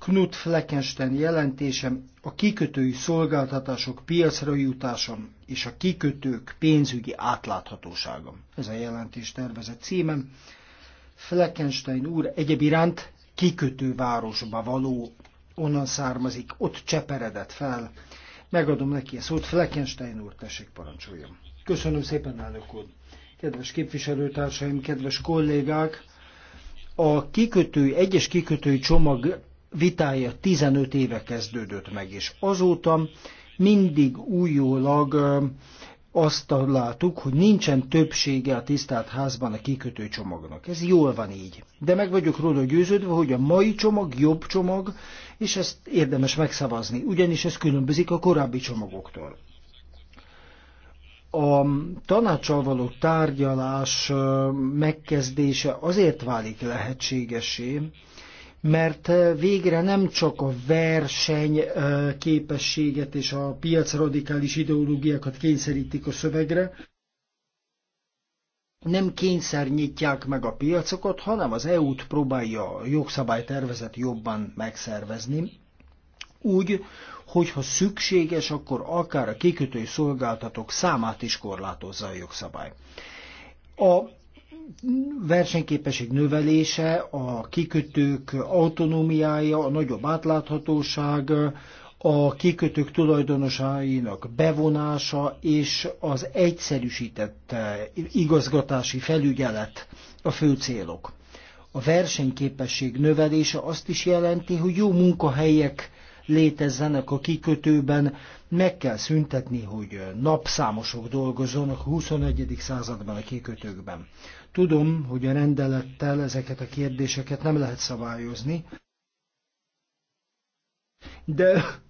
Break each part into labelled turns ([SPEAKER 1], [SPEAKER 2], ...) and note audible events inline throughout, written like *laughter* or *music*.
[SPEAKER 1] Knut Fleckenstein jelentésem a kikötői szolgáltatások piacra jutásom és a kikötők pénzügyi átláthatóságom. Ez a jelentés tervezett címem. Fleckenstein úr egyebiránt kikötővárosba való, onnan származik, ott cseperedett fel. Megadom neki a szót, Fleckenstein úr, tessék parancsoljam. Köszönöm szépen, elnök úr. Kedves képviselőtársaim, kedves kollégák, a kikötői egyes kikötői csomag vitája 15 éve kezdődött meg, és azóta mindig újólag azt láttuk, hogy nincsen többsége a tisztelt házban a kikötő csomagnak. Ez jól van így. De meg vagyok róla győződve, hogy a mai csomag jobb csomag, és ezt érdemes megszavazni, ugyanis ez különbözik a korábbi csomagoktól. A tanácsal való tárgyalás megkezdése azért válik lehetségesé, mert végre nem csak a verseny képességet és a piacradikális ideológiákat kényszerítik a szövegre, nem kényszer nyitják meg a piacokat, hanem az EU-t próbálja a jogszabálytervezet jobban megszervezni, úgy, hogyha szükséges, akkor akár a kikötői szolgáltatók számát is korlátozza a jogszabály. A versenyképesség növelése, a kikötők autonómiája, a nagyobb átláthatóság, a kikötők tulajdonosainak bevonása és az egyszerűsített eh, igazgatási felügyelet a fő célok. A versenyképesség növelése azt is jelenti, hogy jó munkahelyek létezzenek a kikötőben, meg kell szüntetni, hogy napszámosok dolgozzanak a 21. században a kikötőkben. Tudom, hogy a rendelettel ezeket a kérdéseket nem lehet szabályozni, de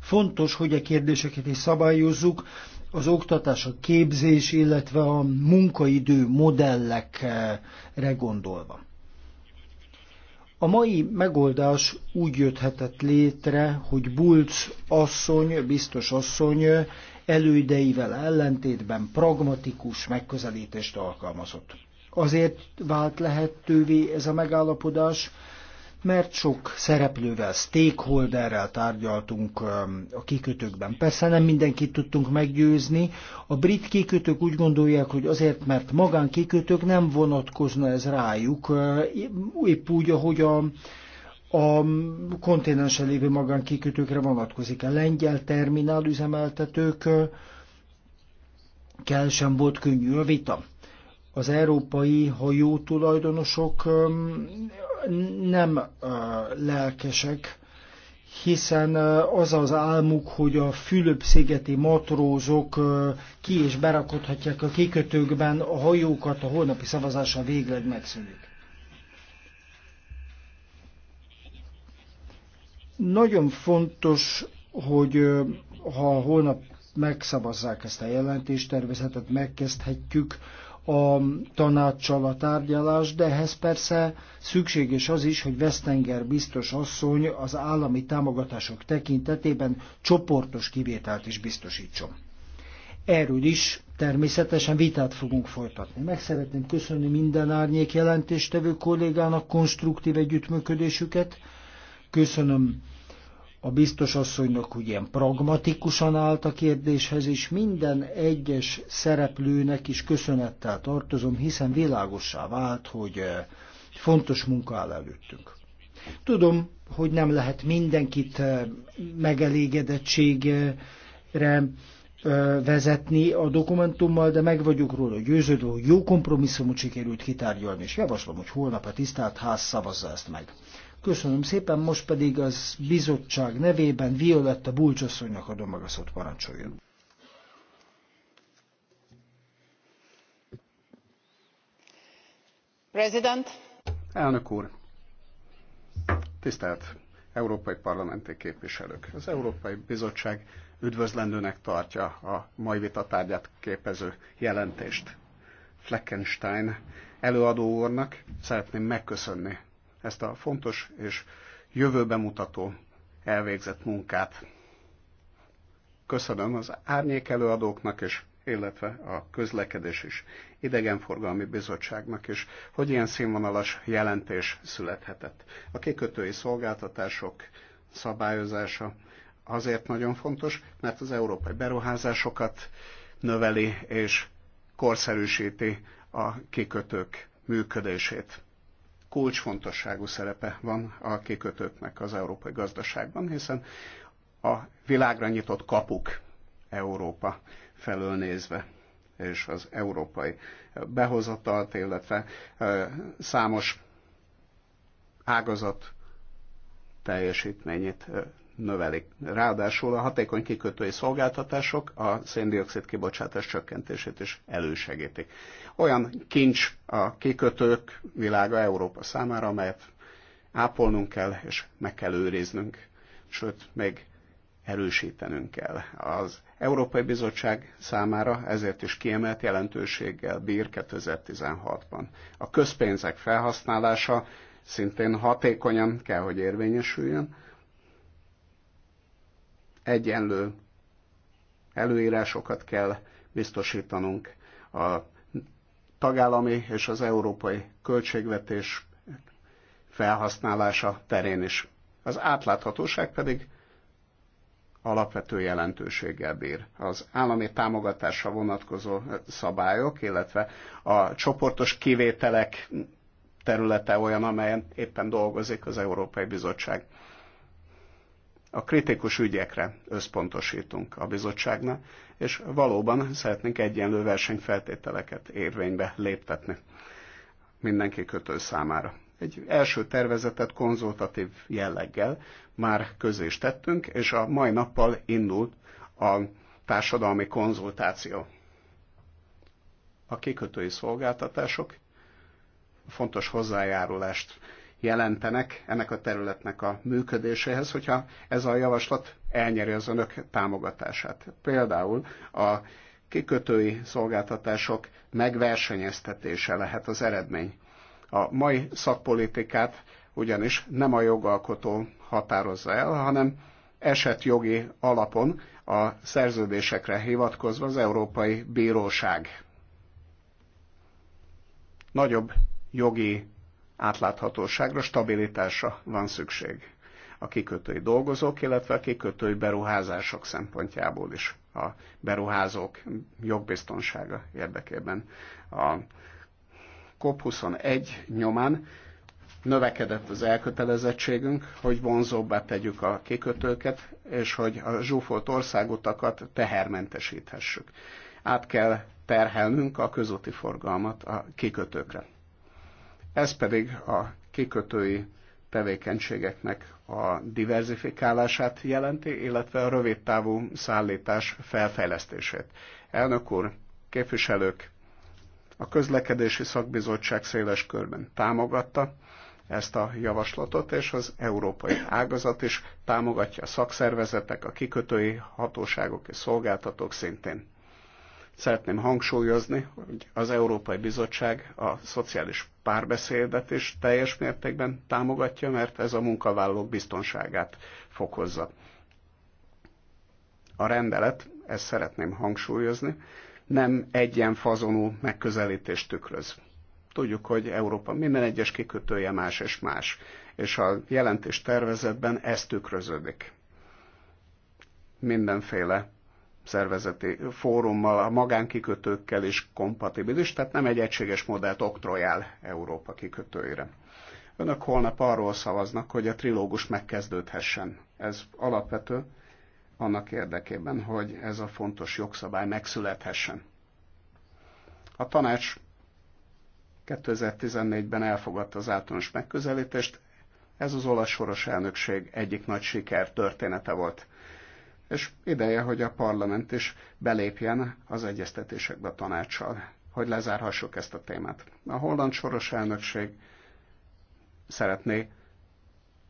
[SPEAKER 1] fontos, hogy a kérdéseket is szabályozzuk, az oktatás, a képzés, illetve a munkaidő modellekre gondolva. A mai megoldás úgy jöthetett létre, hogy Bulc asszony, biztos asszony elődeivel ellentétben pragmatikus megközelítést alkalmazott. Azért vált lehetővé ez a megállapodás, mert sok szereplővel, stakeholderrel tárgyaltunk a kikötőkben. Persze nem mindenkit tudtunk meggyőzni. A brit kikötők úgy gondolják, hogy azért, mert magán kikötők nem vonatkozna ez rájuk, épp úgy, ahogy a a konténensen lévő magánkikötőkre vonatkozik. A lengyel terminál üzemeltetők kell sem volt könnyű a vita. Az európai hajó tulajdonosok nem lelkesek, hiszen az az álmuk, hogy a Fülöp-szigeti matrózok ki és berakodhatják a kikötőkben a hajókat, a holnapi szavazással végleg megszűnik. Nagyon fontos, hogy ha holnap megszavazzák ezt a jelentéstervezetet, megkezdhetjük a tanácssal a tárgyalást, de ehhez persze szükséges az is, hogy Vesztenger biztos asszony az állami támogatások tekintetében csoportos kivételt is biztosítson. Erről is természetesen vitát fogunk folytatni. Meg szeretném köszönni minden árnyék jelentéstevő kollégának konstruktív együttműködésüket, Köszönöm a biztos asszonynak, hogy ilyen pragmatikusan állt a kérdéshez, és minden egyes szereplőnek is köszönettel tartozom, hiszen világossá vált, hogy eh, fontos munka áll előttünk. Tudom, hogy nem lehet mindenkit eh, megelégedettségre eh, vezetni a dokumentummal, de meg vagyok róla győződve, hogy jó kompromisszumot sikerült kitárgyalni, és javaslom, hogy holnap a tisztelt ház szavazza ezt meg. Köszönöm szépen, most pedig az bizottság nevében Violetta Bulcsasszonynak adom meg a szót, parancsoljon.
[SPEAKER 2] President.
[SPEAKER 3] Elnök úr, tisztelt európai parlamenti képviselők! Az Európai Bizottság üdvözlendőnek tartja a mai vita tárgyát képező jelentést. Fleckenstein előadó úrnak szeretném megköszönni ezt a fontos és jövőbe mutató elvégzett munkát. Köszönöm az árnyék előadóknak és illetve a közlekedés és idegenforgalmi bizottságnak is, hogy ilyen színvonalas jelentés születhetett. A kikötői szolgáltatások szabályozása azért nagyon fontos, mert az európai beruházásokat növeli és korszerűsíti a kikötők működését kulcsfontosságú szerepe van a kikötőknek az európai gazdaságban, hiszen a világra nyitott kapuk Európa felől nézve és az európai behozatalt, illetve számos ágazat teljesítményét növelik. Ráadásul a hatékony kikötői szolgáltatások a széndiokszid kibocsátás csökkentését is elősegítik. Olyan kincs a kikötők világa Európa számára, amelyet ápolnunk kell és meg kell őriznünk, sőt, még erősítenünk kell. Az Európai Bizottság számára ezért is kiemelt jelentőséggel bír 2016-ban. A közpénzek felhasználása szintén hatékonyan kell, hogy érvényesüljön, egyenlő előírásokat kell biztosítanunk a tagállami és az európai költségvetés felhasználása terén is. Az átláthatóság pedig alapvető jelentőséggel bír. Az állami támogatásra vonatkozó szabályok, illetve a csoportos kivételek területe olyan, amelyen éppen dolgozik az Európai Bizottság a kritikus ügyekre összpontosítunk a bizottságnak, és valóban szeretnénk egyenlő versenyfeltételeket érvénybe léptetni mindenki kötő számára. Egy első tervezetet konzultatív jelleggel már közé is tettünk, és a mai nappal indult a társadalmi konzultáció. A kikötői szolgáltatások fontos hozzájárulást jelentenek ennek a területnek a működéséhez, hogyha ez a javaslat elnyeri az önök támogatását. Például a kikötői szolgáltatások megversenyeztetése lehet az eredmény. A mai szakpolitikát ugyanis nem a jogalkotó határozza el, hanem esetjogi alapon a szerződésekre hivatkozva az Európai Bíróság nagyobb jogi átláthatóságra, stabilitásra van szükség a kikötői dolgozók, illetve a kikötői beruházások szempontjából is a beruházók jogbiztonsága érdekében. A COP21 nyomán növekedett az elkötelezettségünk, hogy vonzóbbá tegyük a kikötőket, és hogy a zsúfolt országutakat tehermentesíthessük. Át kell terhelnünk a közúti forgalmat a kikötőkre ez pedig a kikötői tevékenységeknek a diverzifikálását jelenti, illetve a rövidtávú szállítás felfejlesztését. Elnök úr, képviselők, a közlekedési szakbizottság széles körben támogatta ezt a javaslatot, és az európai ágazat is támogatja a szakszervezetek, a kikötői hatóságok és szolgáltatók szintén. Szeretném hangsúlyozni, hogy az Európai Bizottság a szociális párbeszédet is teljes mértékben támogatja, mert ez a munkavállalók biztonságát fokozza. A rendelet, ezt szeretném hangsúlyozni, nem egyen fazonú megközelítést tükröz. Tudjuk, hogy Európa minden egyes kikötője más és más, és a jelentés tervezetben ez tükröződik. Mindenféle szervezeti fórummal, a magánkikötőkkel is kompatibilis, tehát nem egy egységes modellt oktrojál Európa kikötőire. Önök holnap arról szavaznak, hogy a trilógus megkezdődhessen. Ez alapvető annak érdekében, hogy ez a fontos jogszabály megszülethessen. A tanács 2014-ben elfogadta az általános megközelítést, ez az olasz soros elnökség egyik nagy siker története volt és ideje, hogy a parlament is belépjen az egyeztetésekbe a tanácssal, hogy lezárhassuk ezt a témát. A holland soros elnökség szeretné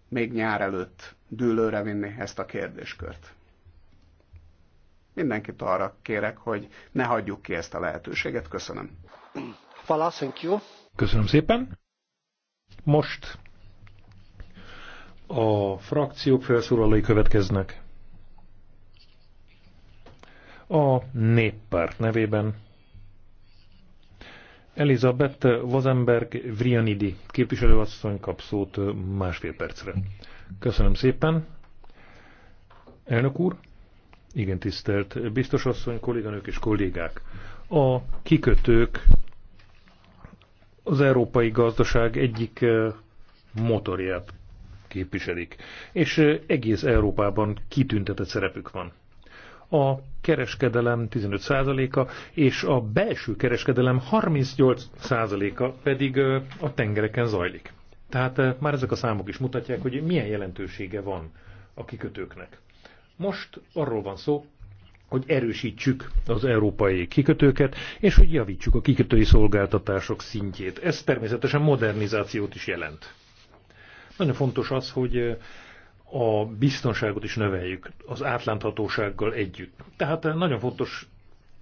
[SPEAKER 3] még nyár előtt dűlőre vinni ezt a kérdéskört. Mindenkit arra kérek, hogy ne hagyjuk ki ezt a lehetőséget. Köszönöm. thank you.
[SPEAKER 4] Köszönöm szépen. Most a frakciók felszólalói következnek a néppárt nevében Elizabeth Vazemberg Vrianidi képviselőasszony kap szót másfél percre. Köszönöm szépen. Elnök úr, igen tisztelt biztosasszony, kolléganők és kollégák. A kikötők az európai gazdaság egyik eh, motorját képviselik, és eh, egész Európában kitüntetett szerepük van a kereskedelem 15%-a, és a belső kereskedelem 38%-a pedig a tengereken zajlik. Tehát már ezek a számok is mutatják, hogy milyen jelentősége van a kikötőknek. Most arról van szó, hogy erősítsük az európai kikötőket, és hogy javítsuk a kikötői szolgáltatások szintjét. Ez természetesen modernizációt is jelent. Nagyon fontos az, hogy a biztonságot is növeljük az átláthatósággal együtt. Tehát nagyon fontos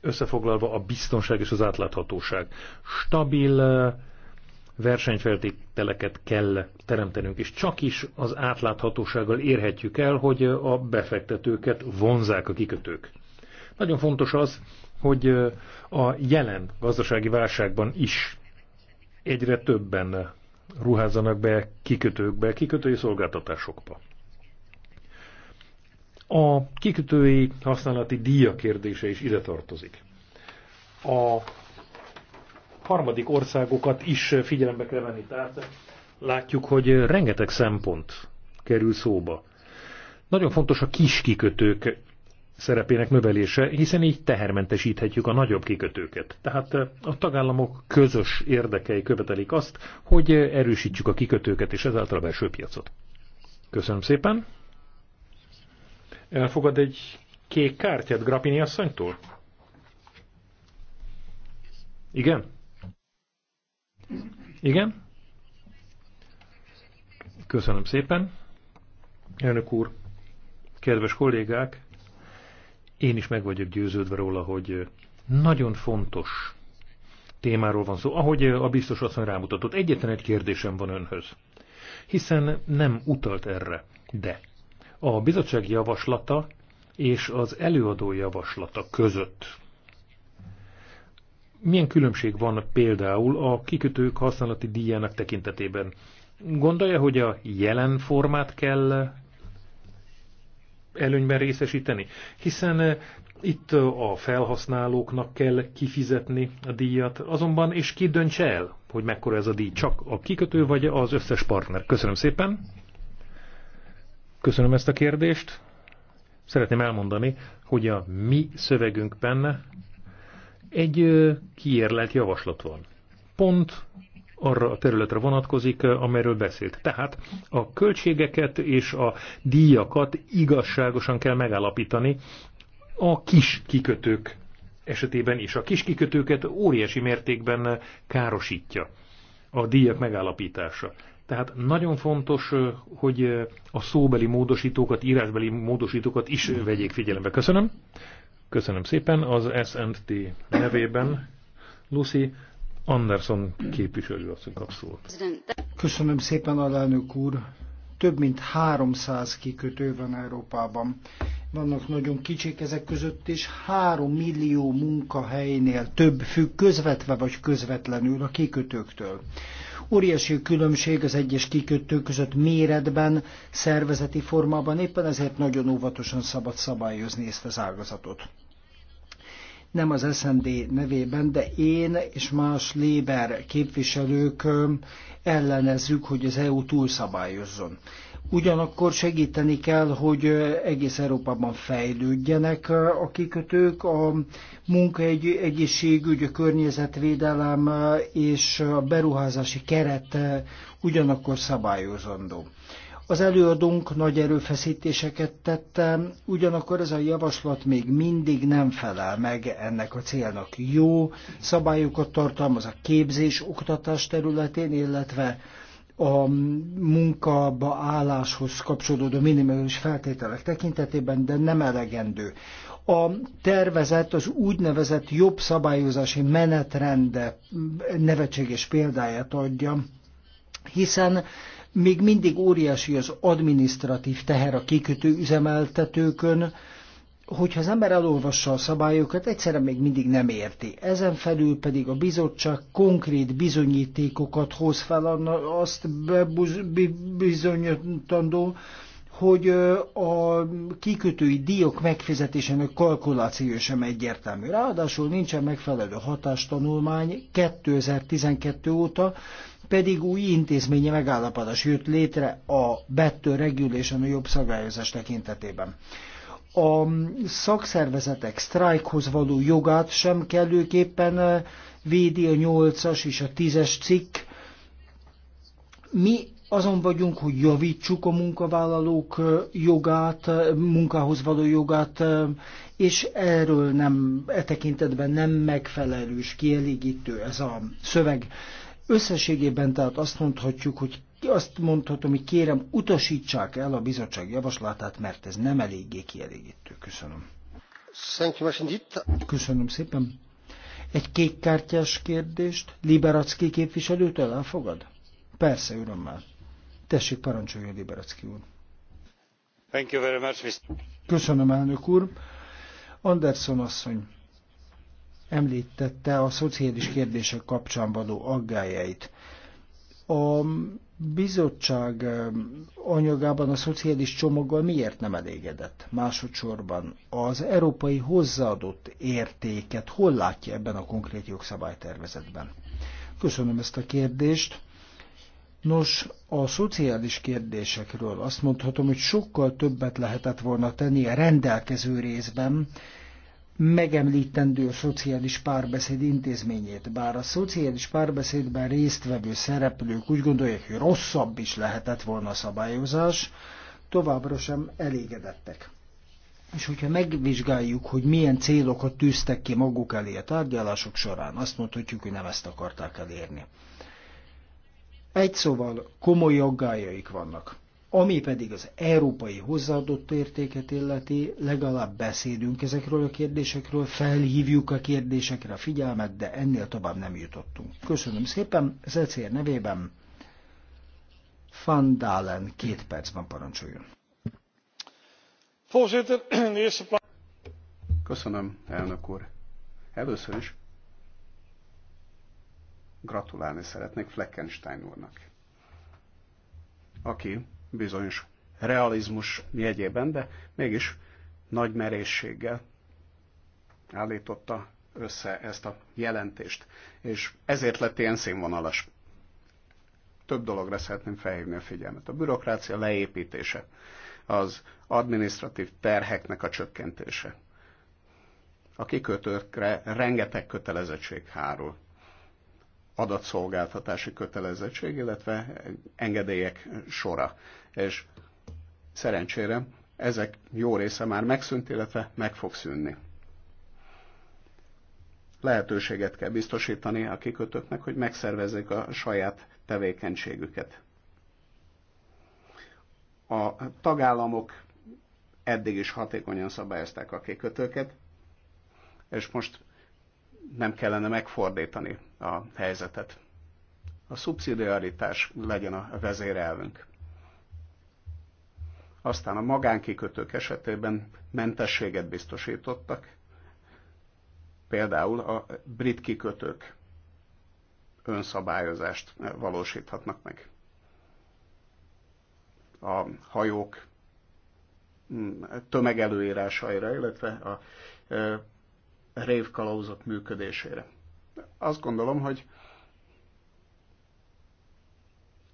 [SPEAKER 4] összefoglalva a biztonság és az átláthatóság. Stabil eh, versenyfeltételeket kell teremtenünk, és csak is az átláthatósággal érhetjük el, hogy a befektetőket vonzák a kikötők. Nagyon fontos az, hogy eh, a jelen gazdasági válságban is egyre többen ruházzanak be kikötőkbe, kikötői szolgáltatásokba. A kikötői használati díja kérdése is ide tartozik. A harmadik országokat is figyelembe kell venni. Tehát látjuk, hogy rengeteg szempont kerül szóba. Nagyon fontos a kis kikötők szerepének növelése, hiszen így tehermentesíthetjük a nagyobb kikötőket. Tehát a tagállamok közös érdekei követelik azt, hogy erősítsük a kikötőket és ezáltal a belső piacot. Köszönöm szépen! Elfogad egy kék kártyát Grapini asszonytól? Igen? Igen? Köszönöm szépen. Elnök úr, kedves kollégák, én is meg vagyok győződve róla, hogy nagyon fontos témáról van szó. Ahogy a biztos asszony rámutatott, egyetlen egy kérdésem van önhöz. Hiszen nem utalt erre, de a bizottság javaslata és az előadó javaslata között milyen különbség van például a kikötők használati díjának tekintetében? Gondolja, hogy a jelen formát kell előnyben részesíteni? Hiszen eh, itt eh, a felhasználóknak kell kifizetni a díjat, azonban és ki döntse el, hogy mekkora ez a díj? Csak a kikötő vagy az összes partner? Köszönöm szépen! Köszönöm ezt a kérdést. Szeretném elmondani, hogy a mi szövegünk benne egy kiérlelt javaslat van. Pont arra a területre vonatkozik, amelyről beszélt. Tehát a költségeket és a díjakat igazságosan kell megállapítani a kis kikötők esetében is. A kis kikötőket óriási mértékben károsítja a díjak megállapítása. Tehát nagyon fontos, hogy a szóbeli módosítókat, írásbeli módosítókat is vegyék figyelembe. Köszönöm. Köszönöm szépen. Az SNT nevében Lucy Anderson képviselő az a szót.
[SPEAKER 1] Köszönöm szépen, alelnök úr. Több mint 300 kikötő van Európában. Vannak nagyon kicsik ezek között, és 3 millió munkahelynél több függ közvetve vagy közvetlenül a kikötőktől. Óriási különbség az egyes kikötők között méretben, szervezeti formában, éppen ezért nagyon óvatosan szabad szabályozni ezt az ágazatot. Nem az SND nevében, de én és más Léber képviselők ellenezzük, hogy az EU túlszabályozzon. Ugyanakkor segíteni kell, hogy egész Európában fejlődjenek a kikötők, a munkaegészségügy, a környezetvédelem és a beruházási keret ugyanakkor szabályozandó. Az előadónk nagy erőfeszítéseket tette, ugyanakkor ez a javaslat még mindig nem felel meg ennek a célnak. Jó szabályokat tartalmaz a képzés, oktatás területén, illetve a munkába álláshoz kapcsolódó minimális feltételek tekintetében, de nem elegendő. A tervezet az úgynevezett jobb szabályozási menetrende nevetséges példáját adja, hiszen még mindig óriási az adminisztratív teher a kikötő üzemeltetőkön, hogyha az ember elolvassa a szabályokat, egyszerre még mindig nem érti. Ezen felül pedig a bizottság konkrét bizonyítékokat hoz fel, azt bizonyítandó, hogy a kikötői díjak megfizetésének kalkuláció sem egyértelmű. Ráadásul nincsen megfelelő hatástanulmány 2012 óta, pedig új intézményi megállapodás jött létre a better regulation a jobb szabályozás tekintetében a szakszervezetek sztrájkhoz való jogát sem kellőképpen eh, védi a 8-as és a 10-es cikk. Mi azon vagyunk, hogy javítsuk a munkavállalók eh, jogát, eh, munkához való jogát, és erről nem, e tekintetben nem megfelelős, kielégítő ez a szöveg. Összességében tehát azt mondhatjuk, hogy azt mondhatom, hogy kérem, utasítsák el a bizottság javaslatát, mert ez nem eléggé kielégítő. Köszönöm. Köszönöm szépen. Egy kékkártyás kérdést Liberacki képviselőtől elfogad? Persze, örömmel. Tessék, parancsolja Liberacki úr.
[SPEAKER 4] Thank you very much,
[SPEAKER 1] Mr. Köszönöm, elnök úr. Anderson asszony említette a szociális kérdések kapcsán való aggájait. A bizottság anyagában a szociális csomaggal miért nem elégedett? Másodszorban az európai hozzáadott értéket hol látja ebben a konkrét jogszabálytervezetben? Köszönöm ezt a kérdést. Nos, a szociális kérdésekről azt mondhatom, hogy sokkal többet lehetett volna tenni a rendelkező részben, megemlítendő a szociális párbeszéd intézményét, bár a szociális párbeszédben résztvevő szereplők úgy gondolják, hogy rosszabb is lehetett volna a szabályozás, továbbra sem elégedettek. És hogyha megvizsgáljuk, hogy milyen célokat tűztek ki maguk elé a tárgyalások során, azt mondhatjuk, hogy nem ezt akarták elérni. Egy szóval komoly aggájaik vannak. Ami pedig az európai hozzáadott értéket illeti, legalább beszélünk ezekről a kérdésekről, felhívjuk a kérdésekre a figyelmet, de ennél tovább nem jutottunk. Köszönöm szépen, az ECR nevében
[SPEAKER 3] Van Dalen két percben parancsoljon. Köszönöm, elnök úr. Először is gratulálni szeretnék Fleckenstein úrnak, aki bizonyos realizmus jegyében, de mégis nagy merészséggel állította össze ezt a jelentést, és ezért lett ilyen színvonalas. Több dologra szeretném felhívni a figyelmet. A bürokrácia leépítése, az administratív terheknek a csökkentése. A kikötőkre rengeteg kötelezettség hárul. Adatszolgáltatási kötelezettség, illetve engedélyek sora és szerencsére ezek jó része már megszűnt, illetve meg fog szűnni. Lehetőséget kell biztosítani a kikötőknek, hogy megszervezzék a saját tevékenységüket. A tagállamok eddig is hatékonyan szabályozták a kikötőket, és most nem kellene megfordítani a helyzetet. A szubszidiaritás legyen a vezérelvünk aztán a magánkikötők esetében mentességet biztosítottak, például a brit kikötők önszabályozást valósíthatnak meg. A hajók mm, tömegelőírásaira, illetve a e, révkalauzok működésére. Azt gondolom, hogy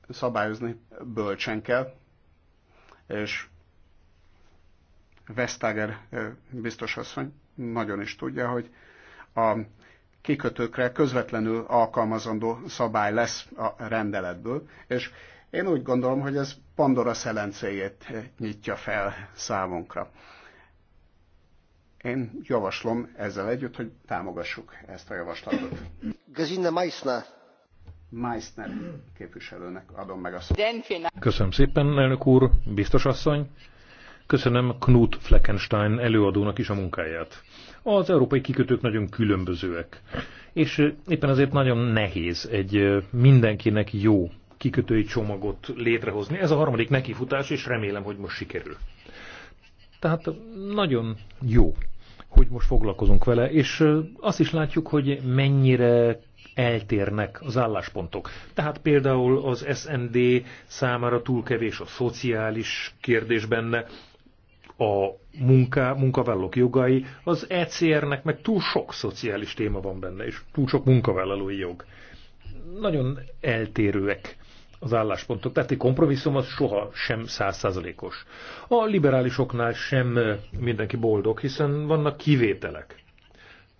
[SPEAKER 3] szabályozni bölcsen kell, és Vestager biztos asszony nagyon is tudja, hogy a kikötőkre közvetlenül alkalmazandó szabály lesz a rendeletből, és én úgy gondolom, hogy ez Pandora szelencéjét nyitja fel számunkra. Én javaslom ezzel együtt, hogy támogassuk ezt a javaslatot. Gesine Maisna. Meissner képviselőnek adom meg a szót.
[SPEAKER 4] Köszönöm szépen, elnök úr, biztos asszony. Köszönöm Knut Fleckenstein előadónak is a munkáját. Az európai kikötők nagyon különbözőek, és éppen azért nagyon nehéz egy mindenkinek jó kikötői csomagot létrehozni. Ez a harmadik nekifutás, és remélem, hogy most sikerül. Tehát nagyon jó, hogy most foglalkozunk vele, és azt is látjuk, hogy mennyire eltérnek az álláspontok. Tehát például az SND számára túl kevés a szociális kérdés benne, a munka munkavállalók jogai, az ECR-nek meg túl sok szociális téma van benne, és túl sok munkavállalói jog. Nagyon eltérőek az álláspontok. Tehát egy kompromisszum az soha sem százszázalékos. A liberálisoknál sem mindenki boldog, hiszen vannak kivételek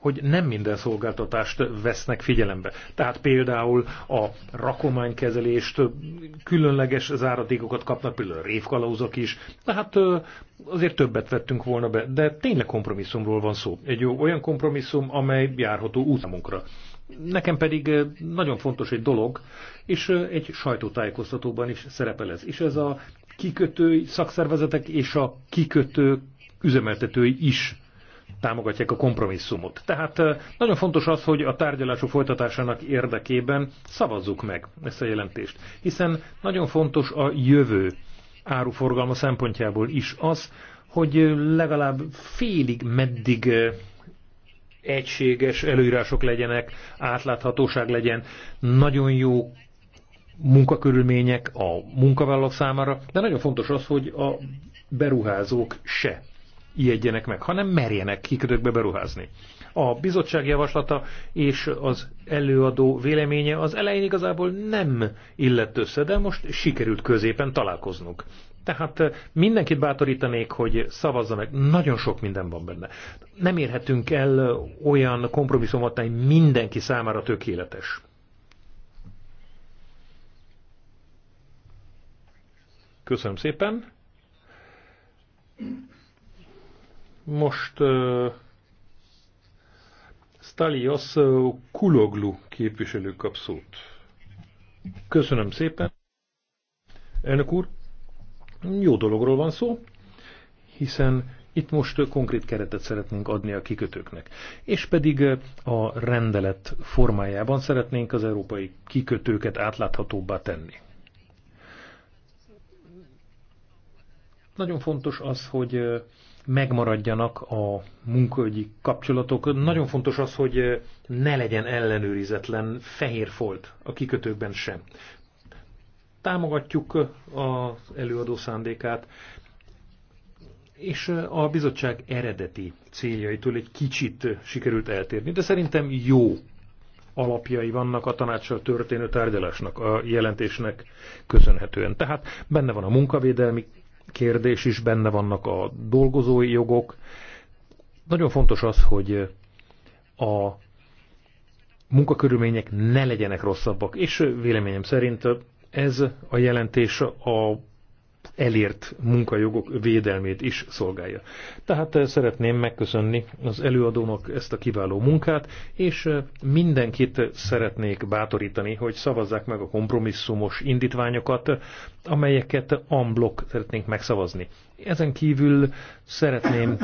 [SPEAKER 4] hogy nem minden szolgáltatást vesznek figyelembe. Tehát például a rakománykezelést, különleges záradékokat kapnak, például révkalauzak is, tehát azért többet vettünk volna be, de tényleg kompromisszumról van szó. Egy jó, olyan kompromisszum, amely járható útamunkra. Nekem pedig nagyon fontos egy dolog, és egy sajtótájékoztatóban is szerepel ez, és ez a kikötői szakszervezetek és a kikötő üzemeltetői is támogatják a kompromisszumot. Tehát nagyon fontos az, hogy a tárgyalások folytatásának érdekében szavazzuk meg ezt a jelentést, hiszen nagyon fontos a jövő áruforgalma szempontjából is az, hogy legalább félig meddig egységes előírások legyenek, átláthatóság legyen, nagyon jó munkakörülmények a munkavállalók számára, de nagyon fontos az, hogy a beruházók se ijedjenek meg, hanem merjenek kikötőkbe beruházni. A bizottság javaslata és az előadó véleménye az elején igazából nem illett össze, de most sikerült középen találkoznunk. Tehát eh, mindenkit bátorítanék, hogy szavazza meg. Nagyon sok minden van benne. Nem érhetünk el eh, olyan kompromisszumot, ami mindenki számára tökéletes. Köszönöm szépen. Most uh, Stalios Kuloglu képviselő kap szót. Köszönöm szépen. Elnök úr, jó dologról van szó, hiszen itt most konkrét keretet szeretnénk adni a kikötőknek. És pedig a rendelet formájában szeretnénk az európai kikötőket átláthatóbbá tenni. Nagyon fontos az, hogy megmaradjanak a munkaügyi kapcsolatok. Nagyon fontos az, hogy ne legyen ellenőrizetlen fehér folt a kikötőkben sem. Támogatjuk az előadó szándékát, és a bizottság eredeti céljaitól egy kicsit sikerült eltérni, de szerintem jó alapjai vannak a tanácssal történő tárgyalásnak, a jelentésnek köszönhetően. Tehát benne van a munkavédelmi kérdés is, benne vannak a dolgozói jogok. Nagyon fontos az, hogy a munkakörülmények ne legyenek rosszabbak, és véleményem szerint ez a jelentés a elért munkajogok védelmét is szolgálja. Tehát eh, szeretném megköszönni az előadónak ezt a kiváló munkát, és eh, mindenkit szeretnék bátorítani, hogy szavazzák meg a kompromisszumos indítványokat, amelyeket amblok szeretnénk megszavazni. Ezen kívül szeretném,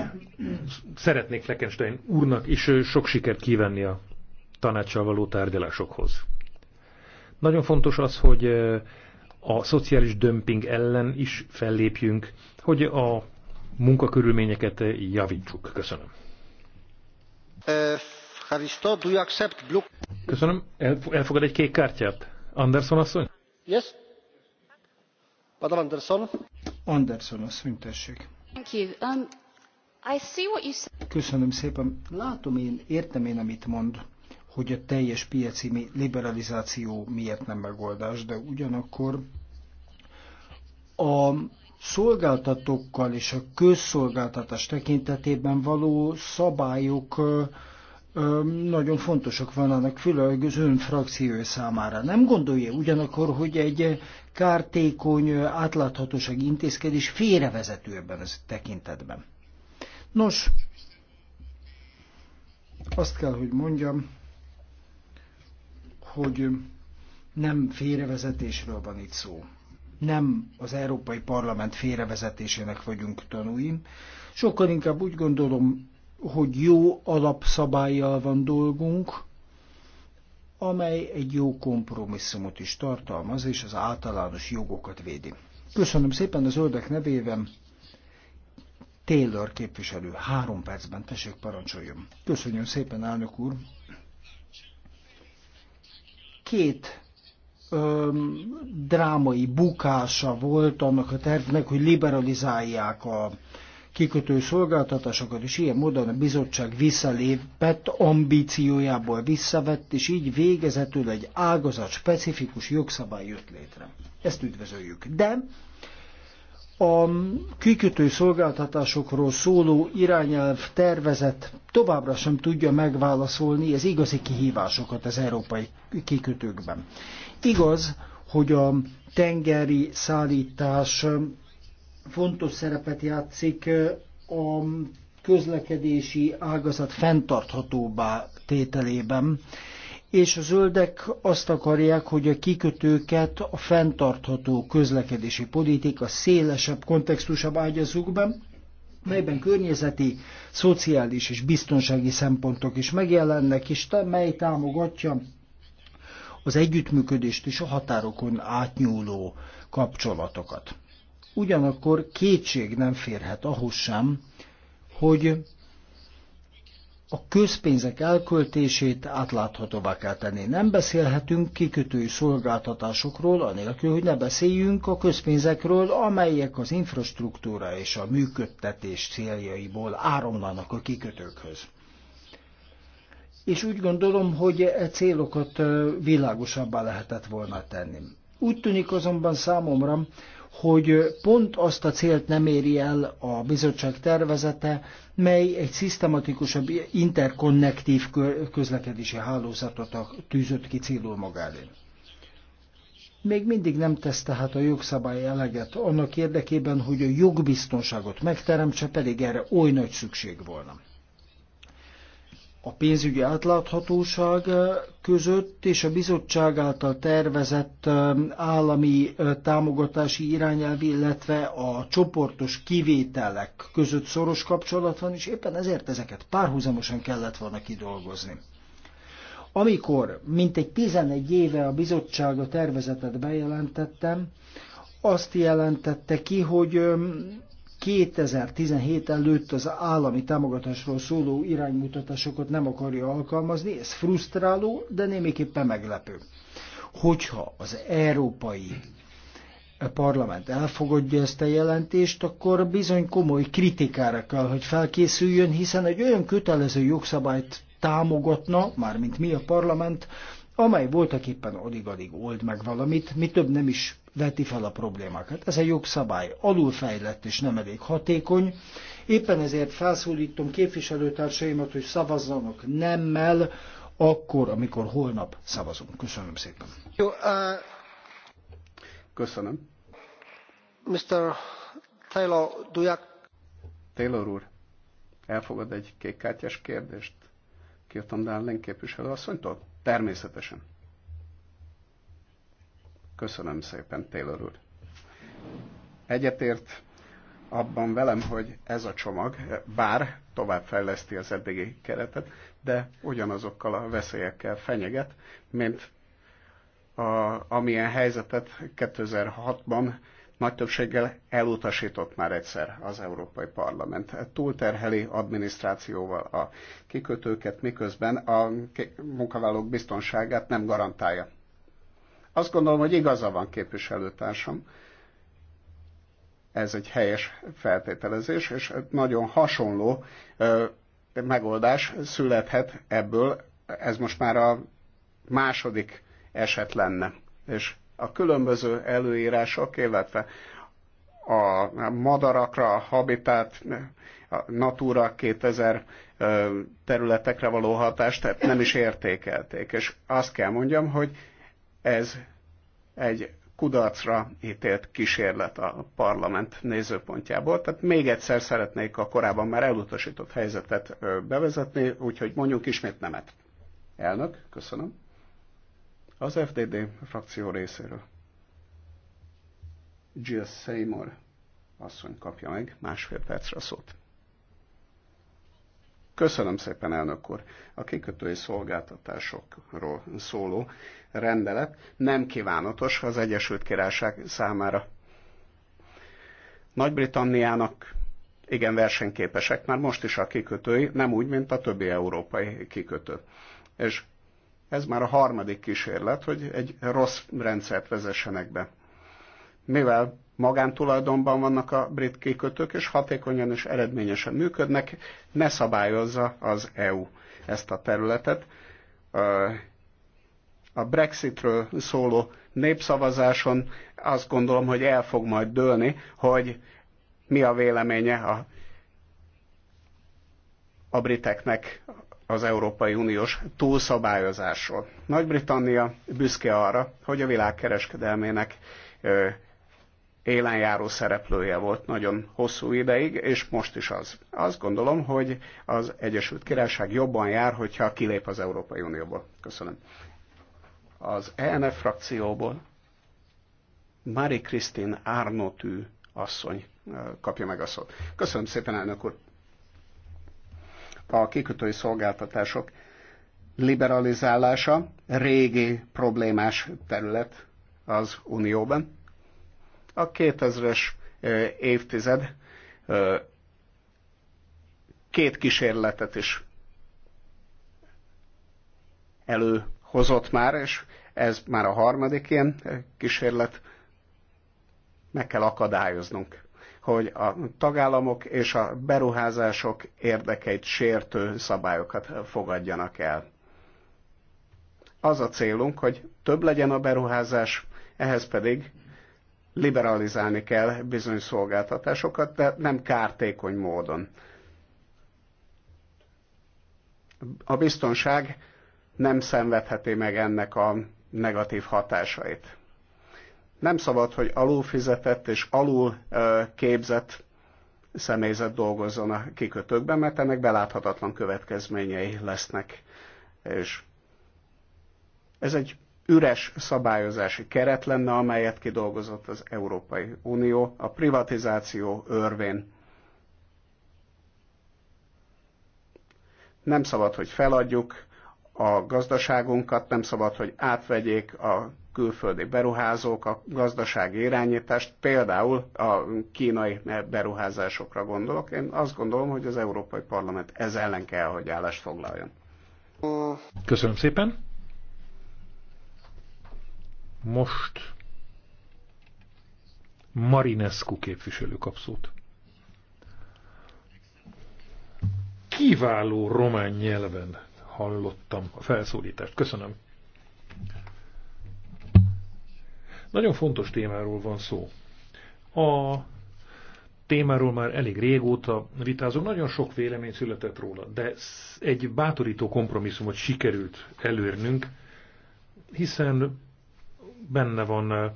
[SPEAKER 4] szeretnék Fleckenstein úrnak is eh, sok sikert kívánni a tanácssal való tárgyalásokhoz. Nagyon fontos az, hogy a szociális dömping ellen is fellépjünk, hogy a munkakörülményeket javítsuk. Köszönöm. Köszönöm. Elfogad egy kék kártyát? Anderson asszony?
[SPEAKER 1] Yes. Madam Anderson. Anderson asszony, tessék. Thank you.
[SPEAKER 2] Um, I see what you
[SPEAKER 1] Köszönöm szépen. Látom én, értem én, amit mond hogy a teljes piaci liberalizáció miért nem megoldás, de ugyanakkor a szolgáltatókkal és a közszolgáltatás tekintetében való szabályok nagyon fontosak vannak, főleg az ön frakciója számára. Nem gondolja ugyanakkor, hogy egy kártékony átláthatóság intézkedés félrevezető ebben az tekintetben. Nos, azt kell, hogy mondjam, hogy nem félrevezetésről van itt szó. Nem az Európai Parlament félrevezetésének vagyunk tanúim. Sokkal inkább úgy gondolom, hogy jó alapszabályjal van dolgunk, amely egy jó kompromisszumot is tartalmaz, és az általános jogokat védi. Köszönöm szépen az öldek nevében. Taylor képviselő, három percben tessék parancsoljon. Köszönöm szépen, elnök úr két öm, drámai bukása volt annak a tervnek, hogy liberalizálják a kikötő szolgáltatásokat, és ilyen módon a bizottság visszalépett, ambíciójából visszavett, és így végezetül egy ágazat specifikus jogszabály jött létre.
[SPEAKER 3] Ezt üdvözöljük.
[SPEAKER 1] De a kikötő szolgáltatásokról szóló irányelv tervezet továbbra sem tudja megválaszolni az igazi kihívásokat az európai kikötőkben. Igaz, hogy a tengeri szállítás fontos szerepet játszik a közlekedési ágazat fenntarthatóbbá tételében, és a zöldek azt akarják, hogy a kikötőket a fenntartható közlekedési politika szélesebb kontextusába ágyazzuk be, melyben környezeti, szociális és biztonsági szempontok is megjelennek, és mely támogatja az együttműködést és a határokon átnyúló kapcsolatokat. Ugyanakkor kétség nem férhet ahhoz sem, hogy a közpénzek elköltését átláthatóvá kell tenni. Nem beszélhetünk kikötői szolgáltatásokról, anélkül, hogy ne beszéljünk a közpénzekről, amelyek az infrastruktúra és a működtetés céljaiból áramlanak a kikötőkhöz. És úgy gondolom, hogy e célokat világosabbá lehetett volna tenni. Úgy tűnik azonban számomra, hogy pont azt a célt nem éri el a bizottság tervezete, mely egy szisztematikusabb interkonnektív közlekedési hálózatot tűzött ki célul magáé. Még mindig nem tesz tehát a jogszabály eleget annak érdekében, hogy a jogbiztonságot megteremtse, pedig erre oly nagy szükség volna a pénzügyi átláthatóság között és a bizottság által tervezett állami támogatási irányelv, illetve a csoportos kivételek között szoros kapcsolat van, és éppen ezért ezeket párhuzamosan kellett volna kidolgozni. Amikor mintegy 11 éve a bizottság a tervezetet bejelentettem, azt jelentette ki, hogy 2017 előtt az állami támogatásról szóló iránymutatásokat nem akarja alkalmazni, ez frusztráló, de némiképpen meglepő. Hogyha az európai a parlament elfogadja ezt a jelentést, akkor bizony komoly kritikára kell, hogy felkészüljön, hiszen egy olyan kötelező jogszabályt támogatna, mármint mi a parlament, amely voltak éppen alig-alig old meg valamit, mi több nem is veti fel a problémákat. Ez a jogszabály alulfejlett és nem elég hatékony. Éppen ezért felszólítom képviselőtársaimat, hogy szavazzanak nemmel, akkor, amikor holnap szavazunk. Köszönöm szépen. Jó, uh...
[SPEAKER 3] Köszönöm. Mr. Taylor, do you... Taylor úr, elfogad egy kártyás kérdést? Kirtam Dán képviselő asszonytól? Természetesen. Köszönöm szépen, Taylor úr. Egyetért abban velem, hogy ez a csomag bár továbbfejleszti az eddigi keretet, de ugyanazokkal a veszélyekkel fenyeget, mint a, amilyen helyzetet 2006-ban nagy többséggel elutasított már egyszer az Európai Parlament. Túlterheli adminisztrációval a kikötőket, miközben a munkavállalók biztonságát nem garantálja. Azt gondolom, hogy igaza van képviselőtársam. Ez egy helyes feltételezés, és nagyon hasonló ö, megoldás születhet ebből. Ez most már a második eset lenne, és a különböző előírások, illetve a madarakra, a habitat, a Natura 2000 területekre való hatást nem is értékelték. És azt kell mondjam, hogy ez egy kudarcra ítélt kísérlet a parlament nézőpontjából. Tehát még egyszer szeretnék a korábban már elutasított helyzetet bevezetni, úgyhogy mondjuk ismét nemet. Elnök, köszönöm. Az FDD frakció részéről. Jill Seymour asszony kapja meg másfél percre a szót. Köszönöm szépen, elnök úr. A kikötői szolgáltatásokról szóló rendelet nem kívánatos az Egyesült Királyság számára. Nagy-Britanniának igen versenyképesek már most is a kikötői, nem úgy, mint a többi európai kikötő. És ez már a harmadik kísérlet, hogy egy rossz rendszert vezessenek be. Mivel magántulajdonban vannak a brit kikötők, és hatékonyan és eredményesen működnek, ne szabályozza az EU ezt a területet. A Brexitről szóló népszavazáson azt gondolom, hogy el fog majd dőlni, hogy mi a véleménye a, a briteknek az Európai Uniós túlszabályozásról. Nagy-Britannia büszke arra, hogy a világkereskedelmének élenjáró szereplője volt nagyon hosszú ideig, és most is az. Azt gondolom, hogy az Egyesült Királyság jobban jár, hogyha kilép az Európai Unióból. Köszönöm. Az ENF frakcióból Marie Christine Arnotű asszony kapja meg a szót. Köszönöm szépen, elnök úr a kikötői szolgáltatások liberalizálása régi problémás terület az Unióban. A 2000-es évtized két kísérletet is előhozott már, és ez már a harmadik ilyen kísérlet, meg kell akadályoznunk hogy a tagállamok és a beruházások érdekeit sértő szabályokat fogadjanak el. Az a célunk, hogy több legyen a beruházás, ehhez pedig liberalizálni kell bizonyos szolgáltatásokat, de nem kártékony módon. A biztonság nem szenvedheti meg ennek a negatív hatásait. Nem szabad, hogy alulfizetett és alul képzett személyzet dolgozzon a kikötőkben, mert ennek beláthatatlan következményei lesznek. És ez egy üres szabályozási keret lenne, amelyet kidolgozott az Európai Unió a privatizáció örvén. Nem szabad, hogy feladjuk a gazdaságunkat, nem szabad, hogy átvegyék a külföldi beruházók, a gazdasági irányítást, például a kínai beruházásokra gondolok. Én azt gondolom, hogy az Európai Parlament ez ellen kell, hogy állást foglaljon.
[SPEAKER 4] Köszönöm szépen. Most Marinescu képviselő kap szót. Kiváló román nyelven hallottam a felszólítást. Köszönöm. Nagyon fontos témáról van szó. A témáról már elég régóta vitázunk, nagyon sok vélemény született róla, de egy bátorító kompromisszumot sikerült elérnünk, hiszen benne van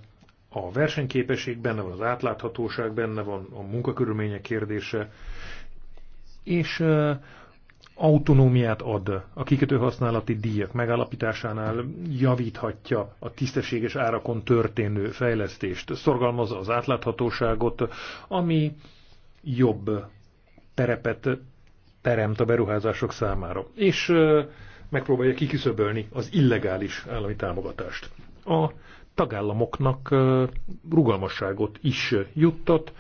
[SPEAKER 4] a versenyképesség, benne van az átláthatóság, benne van a munkakörülmények kérdése, és autonómiát ad a kikötő használati díjak megállapításánál, javíthatja a tisztességes árakon történő fejlesztést, szorgalmazza az átláthatóságot, ami jobb terepet teremt a beruházások számára, és megpróbálja kiküszöbölni az illegális állami támogatást. A tagállamoknak rugalmasságot is juttat,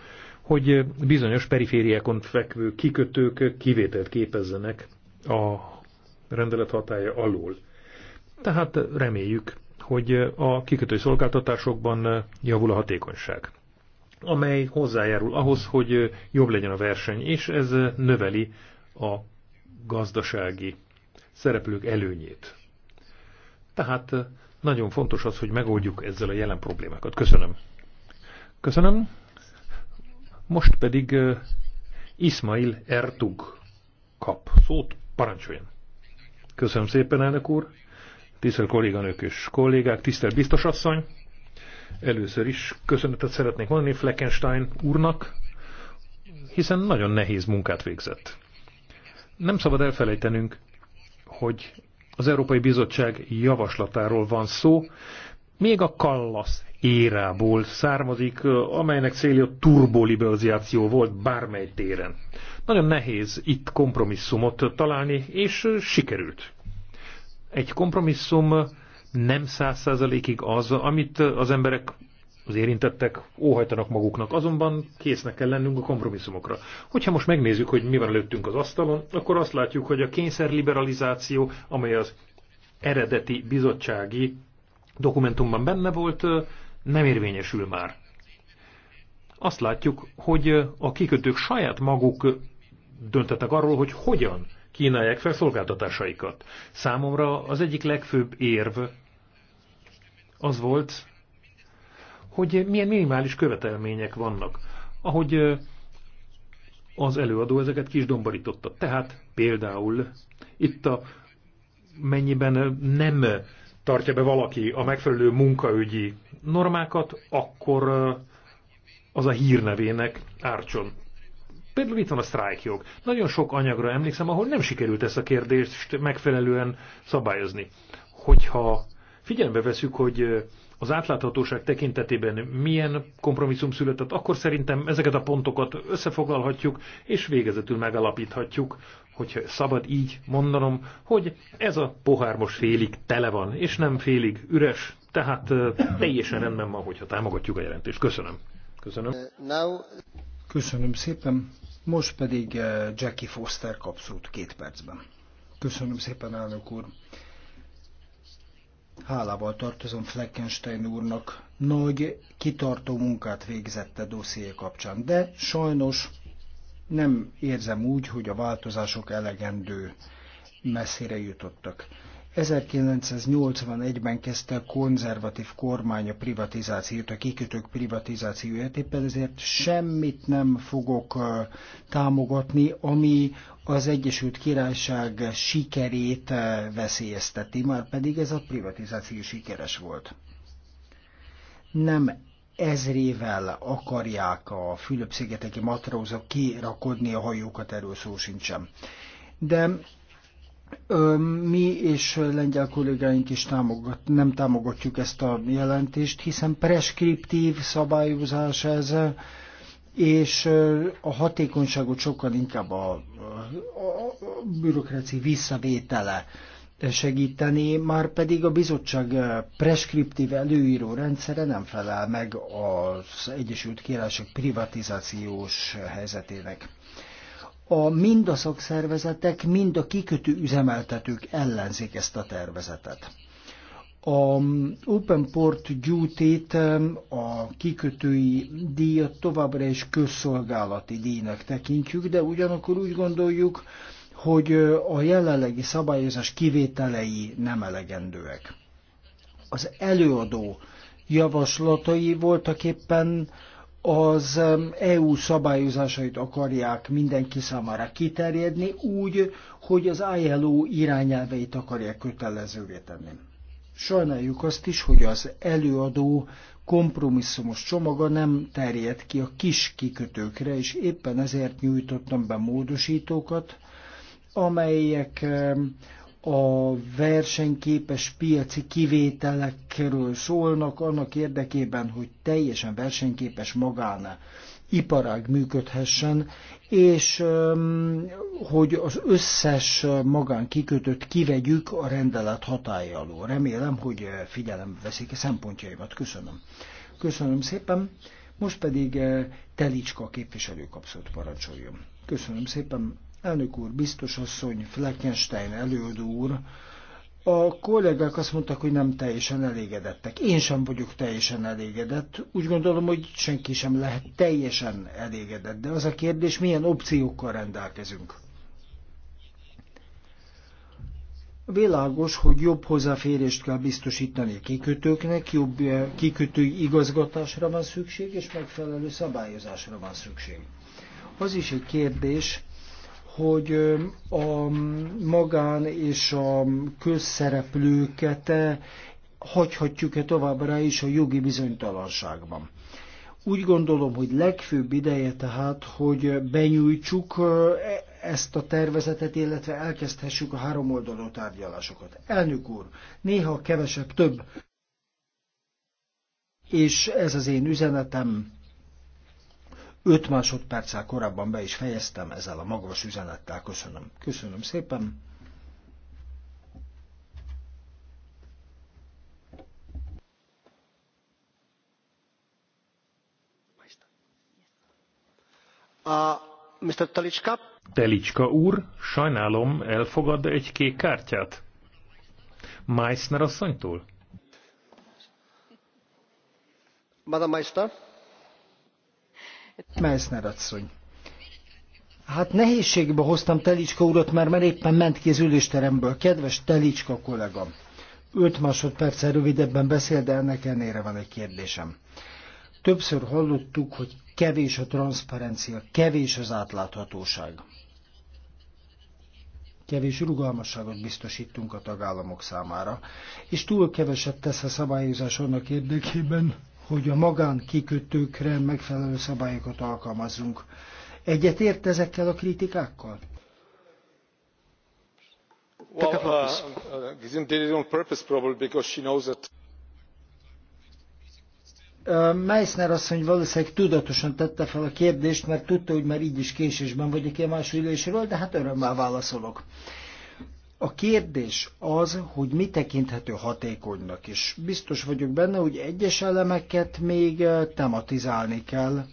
[SPEAKER 4] hogy bizonyos perifériákon fekvő kikötők kivételt képezzenek a rendelet hatája alól. Tehát reméljük, hogy a kikötői szolgáltatásokban javul a hatékonyság, amely hozzájárul ahhoz, hogy jobb legyen a verseny, és ez növeli a gazdasági szereplők előnyét. Tehát nagyon fontos az, hogy megoldjuk ezzel a jelen problémákat. Köszönöm. Köszönöm. Most pedig uh, Ismail Ertug kap szót, parancsoljon. Köszönöm szépen, elnök úr. Tisztelt kolléganők és kollégák, tisztelt biztosasszony. Először is köszönetet szeretnék mondani Fleckenstein úrnak, hiszen nagyon nehéz munkát végzett. Nem szabad elfelejtenünk, hogy az Európai Bizottság javaslatáról van szó, még a Kallasz érából származik, amelynek célja turboliberalizáció volt bármely téren. Nagyon nehéz itt kompromisszumot találni, és sikerült. Egy kompromisszum nem száz százalékig az, amit az emberek az érintettek óhajtanak maguknak, azonban késznek kell lennünk a kompromisszumokra. Hogyha most megnézzük, hogy mi van előttünk az asztalon, akkor azt látjuk, hogy a kényszerliberalizáció, amely az eredeti bizottsági dokumentumban benne volt, nem érvényesül már. Azt látjuk, hogy a kikötők saját maguk döntetek arról, hogy hogyan kínálják fel szolgáltatásaikat. Számomra az egyik legfőbb érv az volt, hogy milyen minimális követelmények vannak. Ahogy az előadó ezeket kis domborította. Tehát például itt a mennyiben nem tartja be valaki a megfelelő munkaügyi normákat, akkor az a hírnevének árcson. Például itt van a sztrájkjog. Nagyon sok anyagra emlékszem, ahol nem sikerült ezt a kérdést megfelelően szabályozni. Hogyha figyelembe veszük, hogy az átláthatóság tekintetében milyen kompromisszum született, akkor szerintem ezeket a pontokat összefoglalhatjuk, és végezetül megalapíthatjuk, hogyha szabad így mondanom, hogy ez a pohár most félig tele van, és nem félig üres, tehát teljesen rendben van, hogyha támogatjuk a jelentést. Köszönöm.
[SPEAKER 1] Köszönöm. Köszönöm szépen. Most pedig Jackie Foster kapszót két percben. Köszönöm szépen, elnök úr. Hálával tartozom Fleckenstein úrnak. Nagy, kitartó munkát végzett a dosszié kapcsán, de sajnos nem érzem úgy, hogy a változások elegendő messzire jutottak. 1981-ben kezdte a konzervatív kormány a privatizációt, a kikötők privatizációját, éppen ezért semmit nem fogok támogatni, ami az Egyesült Királyság sikerét veszélyezteti, már pedig ez a privatizáció sikeres volt. Nem ezrével akarják a Fülöp-szigeteki matrózok kirakodni a hajókat, erről szó sincsen. De mi és lengyel kollégáink is támogat, nem támogatjuk ezt a jelentést, hiszen preskriptív szabályozás ez, és a hatékonyságot sokkal inkább a, a, a bürokráci visszavétele segíteni, már pedig a bizottság eh, preskriptív előíró rendszere nem felel meg az Egyesült Királyság privatizációs helyzetének. A mind a szakszervezetek, mind a kikötő üzemeltetők ellenzik ezt a tervezetet. A mm, Open Port duty eh, a kikötői díjat továbbra is közszolgálati díjnak tekintjük, de ugyanakkor úgy gondoljuk, hogy a jelenlegi szabályozás kivételei nem elegendőek. Az előadó javaslatai voltak éppen az EU e szabályozásait akarják mindenki számára kiterjedni, úgy, hogy az ILO irányelveit akarják kötelezővé tenni. Sajnáljuk azt is, hogy az előadó kompromisszumos csomaga nem terjed ki a kis kikötőkre, és éppen ezért nyújtottam be módosítókat, amelyek a versenyképes piaci kivételekről szólnak annak érdekében, hogy teljesen versenyképes magán iparág működhessen, és hogy az összes magán kikötött kivegyük a rendelet hatája alól. Remélem, hogy figyelem veszik a szempontjaimat. Köszönöm. Köszönöm szépen. Most pedig eh, Telicska képviselő kapszót parancsoljon. Köszönöm szépen. Elnök úr, biztos asszony, Fleckenstein előadó úr, a kollégák azt mondták, hogy nem teljesen elégedettek. Én sem vagyok teljesen elégedett. Úgy gondolom, hogy senki sem lehet teljesen elégedett. De az a kérdés, milyen opciókkal rendelkezünk. Világos, hogy jobb hozzáférést kell biztosítani a kikötőknek, jobb kikötői igazgatásra van szükség, és megfelelő szabályozásra van szükség. Az is egy kérdés, hogy a magán és a közszereplőket hagyhatjuk-e továbbra is a jogi bizonytalanságban. Úgy gondolom, hogy legfőbb ideje tehát, hogy benyújtsuk ezt a tervezetet, illetve elkezdhessük a háromoldalú tárgyalásokat. Elnök úr, néha kevesebb több. És ez az én üzenetem 5 másodperccel korábban be is fejeztem ezzel a magas üzenettel. Köszönöm. Köszönöm szépen. A Mr. Talicska?
[SPEAKER 4] Talicska úr, sajnálom, elfogad egy kék kártyát? Meissner
[SPEAKER 1] asszonytól? Madame Meissner? Meissner asszony. Hát nehézségbe hoztam Telicska urat, mert már éppen ment ki az ülésteremből. Kedves Telicska kollega, 5 másodperccel rövidebben beszél, de ennek ennére van egy kérdésem. Többször hallottuk, hogy kevés a transzparencia, kevés az átláthatóság. Kevés rugalmasságot biztosítunk a tagállamok számára, és túl keveset tesz a szabályozás annak érdekében, hogy a magán, kikötőkre megfelelő szabályokat alkalmazzunk. Egyet ért ezekkel a kritikákkal?
[SPEAKER 4] Well, uh, Gizim uh, did it on purpose probably because she knows that
[SPEAKER 1] Meissner asszony valószínűleg tudatosan tette fel a kérdést, mert tudta, hogy már így is késésben vagyok ilyen más ülésről, de hát örömmel válaszolok. A kérdés az, hogy mi tekinthető hatékonynak, és biztos vagyok benne, hogy egyes elemeket még tematizálni kell,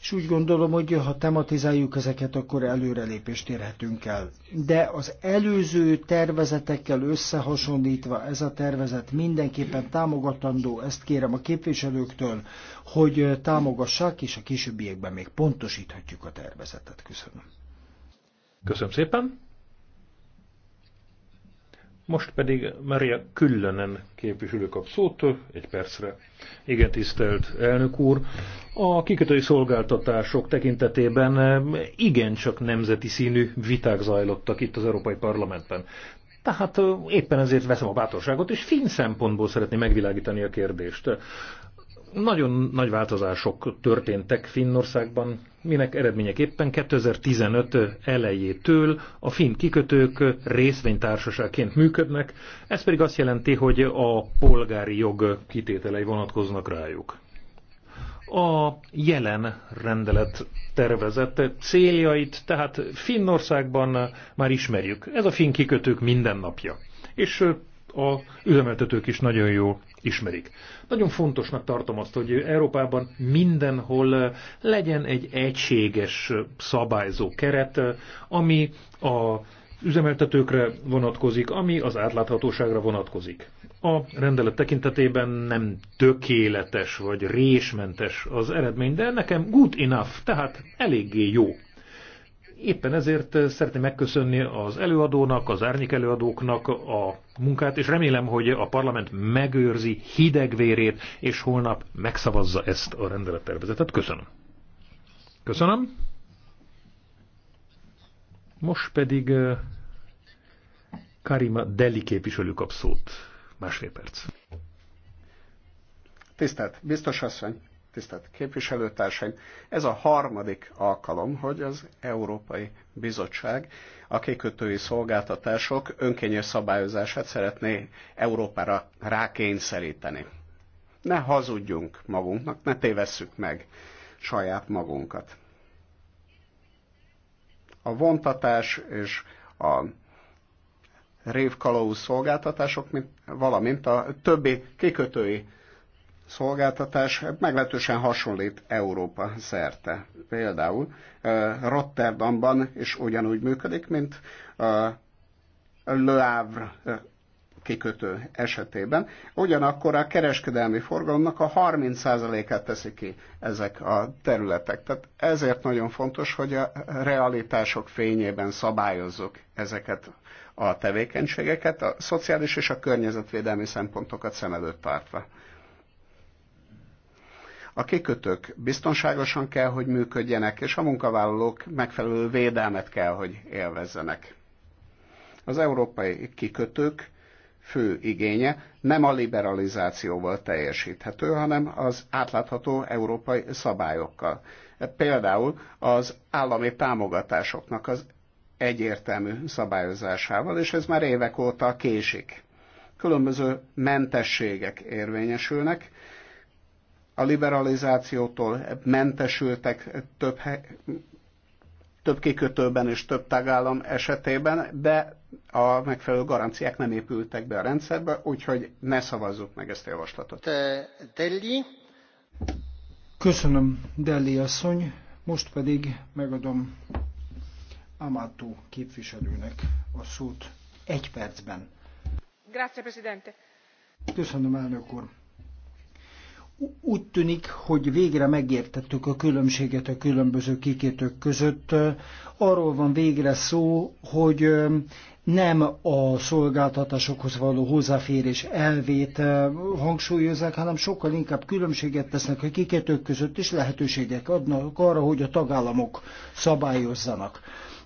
[SPEAKER 1] és úgy gondolom, hogy ha tematizáljuk ezeket, akkor előrelépést érhetünk el. De az előző tervezetekkel összehasonlítva ez a tervezet mindenképpen támogatandó, ezt kérem a képviselőktől, hogy támogassák, és a későbbiekben még pontosíthatjuk a tervezetet. Köszönöm.
[SPEAKER 4] Köszönöm szépen.
[SPEAKER 1] Most pedig Maria
[SPEAKER 4] Küllenen képviselő kap szót, egy percre. Igen, tisztelt elnök úr. A kikötői szolgáltatások tekintetében igencsak nemzeti színű viták zajlottak itt az Európai Parlamentben. Tehát éppen ezért veszem a bátorságot, és fin szempontból szeretném megvilágítani a kérdést. Nagyon nagy változások történtek Finnországban, minek eredményeképpen 2015 elejétől a finn kikötők részvénytársaságként működnek, ez pedig azt jelenti, hogy a polgári jog kitételei vonatkoznak rájuk. A jelen rendelet tervezett céljait, tehát Finnországban már ismerjük. Ez a finn kikötők mindennapja. És a üzemeltetők is nagyon jól ismerik. Nagyon fontosnak tartom azt, hogy Európában mindenhol eh, legyen egy egységes eh, szabályzó keret, eh, ami a üzemeltetőkre vonatkozik, ami az átláthatóságra vonatkozik. A rendelet tekintetében nem tökéletes vagy résmentes az eredmény, de nekem good enough, tehát eléggé jó. Éppen ezért eh, szeretném megköszönni az előadónak, az árnyék előadóknak a munkát, és remélem, hogy a parlament megőrzi hidegvérét, és holnap megszavazza ezt a rendelettervezetet. Köszönöm. Köszönöm. Most pedig eh, Karima Deli képviselő kap szót.
[SPEAKER 3] Másfél perc. Tisztelt biztos asszony, tisztelt képviselőtársaim, ez a harmadik alkalom, hogy az Európai Bizottság a kikötői szolgáltatások önkényes szabályozását szeretné Európára rákényszeríteni. Ne hazudjunk magunknak, ne tévesszük meg saját magunkat. A vontatás és a révkalauz szolgáltatások, valamint a többi kikötői szolgáltatás meglehetősen hasonlít Európa szerte. Például Rotterdamban is ugyanúgy működik, mint Le Havre kikötő esetében. Ugyanakkor a kereskedelmi forgalomnak a 30%-át teszi ki ezek a területek. Tehát ezért nagyon fontos, hogy a realitások fényében szabályozzuk ezeket a tevékenységeket, a szociális és a környezetvédelmi szempontokat szem előtt tartva. A kikötők biztonságosan kell, hogy működjenek, és a munkavállalók megfelelő védelmet kell, hogy élvezzenek. Az európai kikötők fő igénye nem a liberalizációval teljesíthető, hanem az átlátható európai szabályokkal. Például az állami támogatásoknak az egyértelmű szabályozásával, és ez már évek óta késik. Különböző mentességek érvényesülnek, a liberalizációtól mentesültek több, több kikötőben és több tagállam esetében, de a megfelelő garanciák nem épültek be a rendszerbe, úgyhogy ne szavazzuk meg ezt a javaslatot. Delhi.
[SPEAKER 1] Köszönöm, Delli asszony. Most pedig megadom Amato képviselőnek a szót egy percben.
[SPEAKER 2] Grazie, Presidente.
[SPEAKER 1] Köszönöm, elnök úr úgy tűnik, hogy végre megértettük a különbséget a különböző kikétők között. Arról van végre szó, hogy nem a szolgáltatásokhoz való hozzáférés elvét hangsúlyozzák, hanem sokkal inkább különbséget tesznek a kikétők között, és lehetőségek adnak arra, hogy a tagállamok szabályozzanak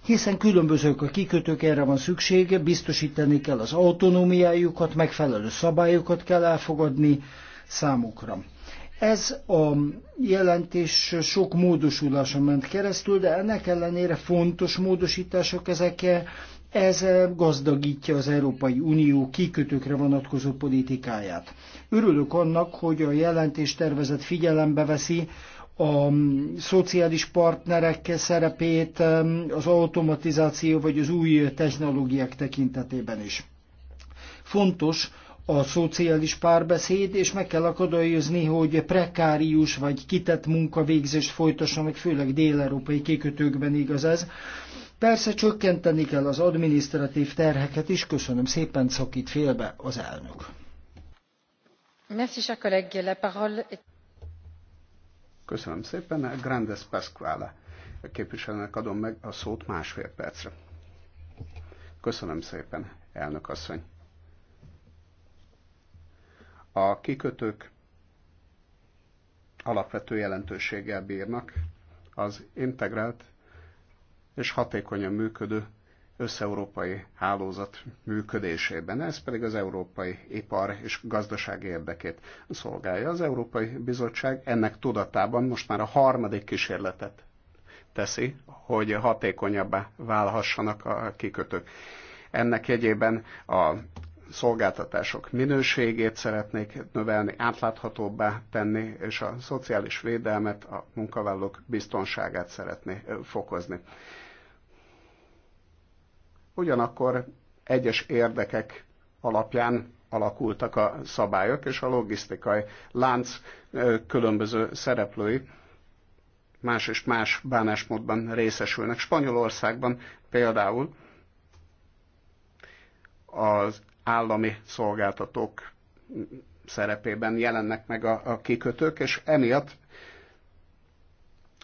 [SPEAKER 1] hiszen különbözők a kikötők, erre van szüksége, biztosítani kell az autonómiájukat, megfelelő szabályokat kell elfogadni számukra. Ez a jelentés sok módosuláson ment keresztül, de ennek ellenére fontos módosítások ezek. Ez gazdagítja az Európai Unió kikötőkre vonatkozó politikáját. Örülök annak, hogy a jelentés tervezet figyelembe veszi a szociális partnerek szerepét az automatizáció vagy az új technológiák tekintetében is. Fontos, a szociális párbeszéd, és meg kell akadályozni, hogy prekárius vagy kitett munkavégzést folytasson, meg főleg dél-európai kikötőkben igaz ez. Persze csökkenteni kell az adminisztratív terheket is, köszönöm szépen, szakít félbe az elnök.
[SPEAKER 3] Köszönöm szépen, Grandes Pasquale képviselőnek adom meg a szót másfél percre. Köszönöm szépen, elnök asszony. A kikötők alapvető jelentőséggel bírnak az integrált és hatékonyan működő összeurópai hálózat működésében. Ez pedig az európai ipar és gazdaság érdekét szolgálja. Az Európai Bizottság ennek tudatában most már a harmadik kísérletet teszi, hogy hatékonyabbá válhassanak a kikötők. Ennek jegyében a szolgáltatások minőségét szeretnék növelni, átláthatóbbá tenni, és a szociális védelmet, a munkavállalók biztonságát szeretné fokozni. Ugyanakkor egyes érdekek alapján alakultak a szabályok, és a logisztikai lánc különböző szereplői más és más bánásmódban részesülnek. Spanyolországban például az állami szolgáltatók szerepében jelennek meg a, a kikötők, és emiatt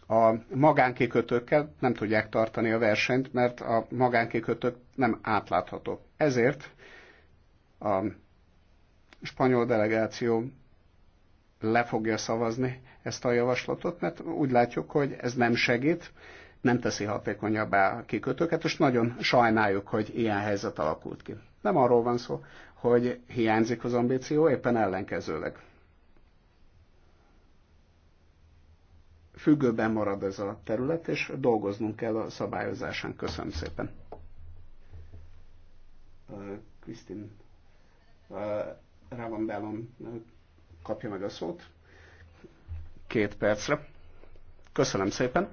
[SPEAKER 3] a magánkikötőkkel nem tudják tartani a versenyt, mert a magánkikötők nem átláthatók. Ezért a spanyol delegáció le fogja szavazni ezt a javaslatot, mert úgy látjuk, hogy ez nem segít, nem teszi hatékonyabbá a kikötőket, és nagyon sajnáljuk, hogy ilyen helyzet alakult ki. Nem arról van szó, hogy hiányzik az ambíció, éppen ellenkezőleg. Függőben marad ez a terület, és dolgoznunk kell a szabályozásán. Köszönöm szépen. Uh, Krisztin uh, Bellon uh, kapja meg a szót. Két percre. Köszönöm szépen.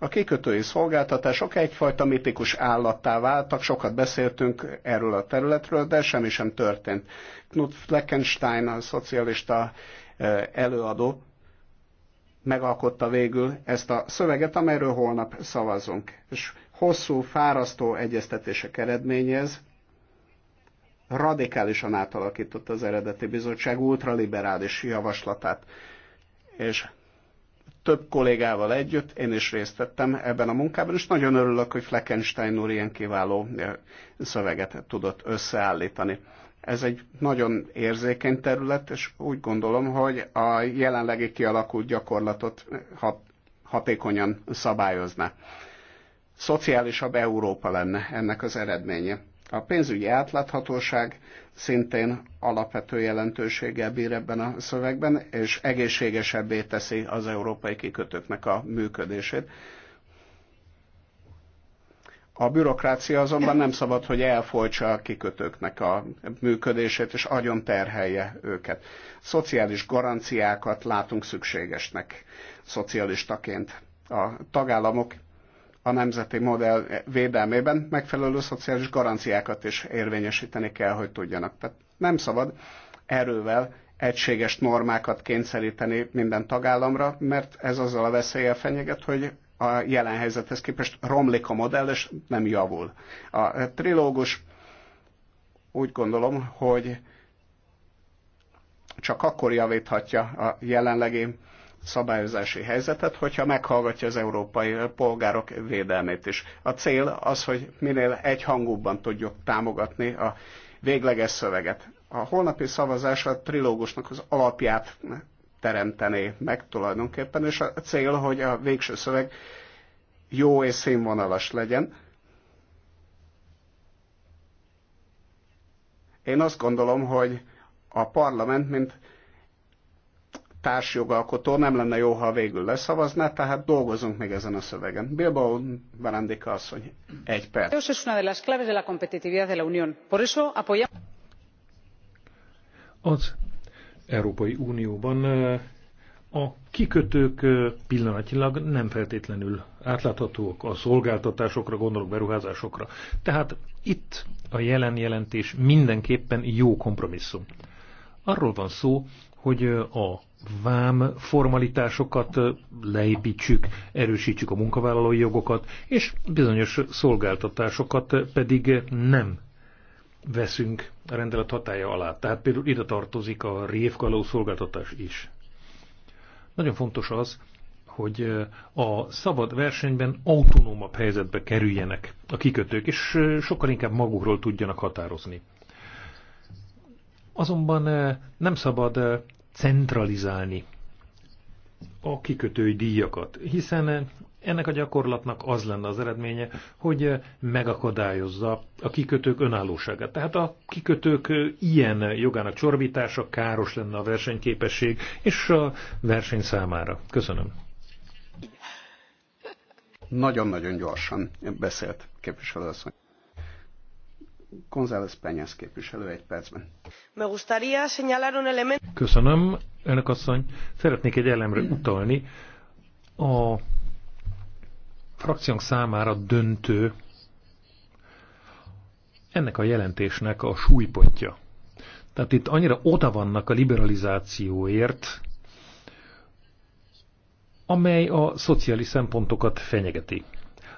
[SPEAKER 3] A kikötői szolgáltatások egyfajta mitikus állattá váltak, sokat beszéltünk erről a területről, de semmi sem történt. Knut Fleckenstein, a szocialista előadó, megalkotta végül ezt a szöveget, amelyről holnap szavazunk. És hosszú, fárasztó egyeztetések eredményez, radikálisan átalakított az eredeti bizottság ultraliberális javaslatát. És több kollégával együtt én is részt vettem ebben a munkában, és nagyon örülök, hogy Fleckenstein úr ilyen kiváló eh, szöveget tudott összeállítani. Ez egy nagyon érzékeny terület, és úgy gondolom, hogy a jelenlegi kialakult gyakorlatot eh, hatékonyan szabályozna. Szociálisabb Európa lenne ennek az eredménye. A pénzügyi átláthatóság szintén alapvető jelentőséggel bír ebben a szövegben, és egészségesebbé teszi az európai kikötőknek a működését. A bürokrácia azonban nem szabad, hogy elfolytsa a kikötőknek a működését, és agyon terhelje őket. Szociális garanciákat látunk szükségesnek szocialistaként. A tagállamok a nemzeti modell védelmében megfelelő szociális garanciákat is érvényesíteni kell, hogy tudjanak. Tehát nem szabad erővel egységes normákat kényszeríteni minden tagállamra, mert ez azzal a veszélye fenyeget, hogy a jelen helyzethez képest romlik a modell, és nem javul. A trilógus úgy gondolom, hogy csak akkor javíthatja a jelenlegi szabályozási helyzetet, hogyha meghallgatja az európai polgárok védelmét is. A cél az, hogy minél egyhangúbban tudjuk támogatni a végleges szöveget. A holnapi szavazás a trilógusnak az alapját teremtené meg tulajdonképpen, és a cél, hogy a végső szöveg jó és színvonalas legyen. Én azt gondolom, hogy a parlament, mint társjogalkotó, nem lenne jó, ha végül leszavazná, tehát dolgozunk még ezen a szövegen. Bilbao Barandika asszony, egy perc.
[SPEAKER 4] Az Európai Unióban eh, a kikötők eh, pillanatilag nem feltétlenül átláthatóak a szolgáltatásokra, gondolok beruházásokra. Tehát itt a jelen jelentés mindenképpen jó kompromisszum. Arról van szó, hogy a vám formalitásokat leépítsük, erősítsük a munkavállalói jogokat, és bizonyos szolgáltatásokat pedig nem veszünk a rendelet hatája alá. Tehát például ide tartozik a révkaló szolgáltatás is. Nagyon fontos az, hogy a szabad versenyben autonómabb helyzetbe kerüljenek a kikötők, és sokkal inkább magukról tudjanak határozni. Azonban nem szabad centralizálni a kikötői díjakat, hiszen ennek a gyakorlatnak az lenne az eredménye, hogy megakadályozza a kikötők önállóságát. Tehát a kikötők ilyen jogának csorbítása káros lenne a versenyképesség és a verseny számára. Köszönöm.
[SPEAKER 3] Nagyon-nagyon gyorsan beszélt asszony. González Penyász képviselő egy percben.
[SPEAKER 4] Köszönöm, önök asszony. Szeretnék egy elemre utalni. A frakciónk számára döntő ennek a jelentésnek a súlypontja. Tehát itt annyira oda vannak a liberalizációért, amely a szociális szempontokat fenyegeti.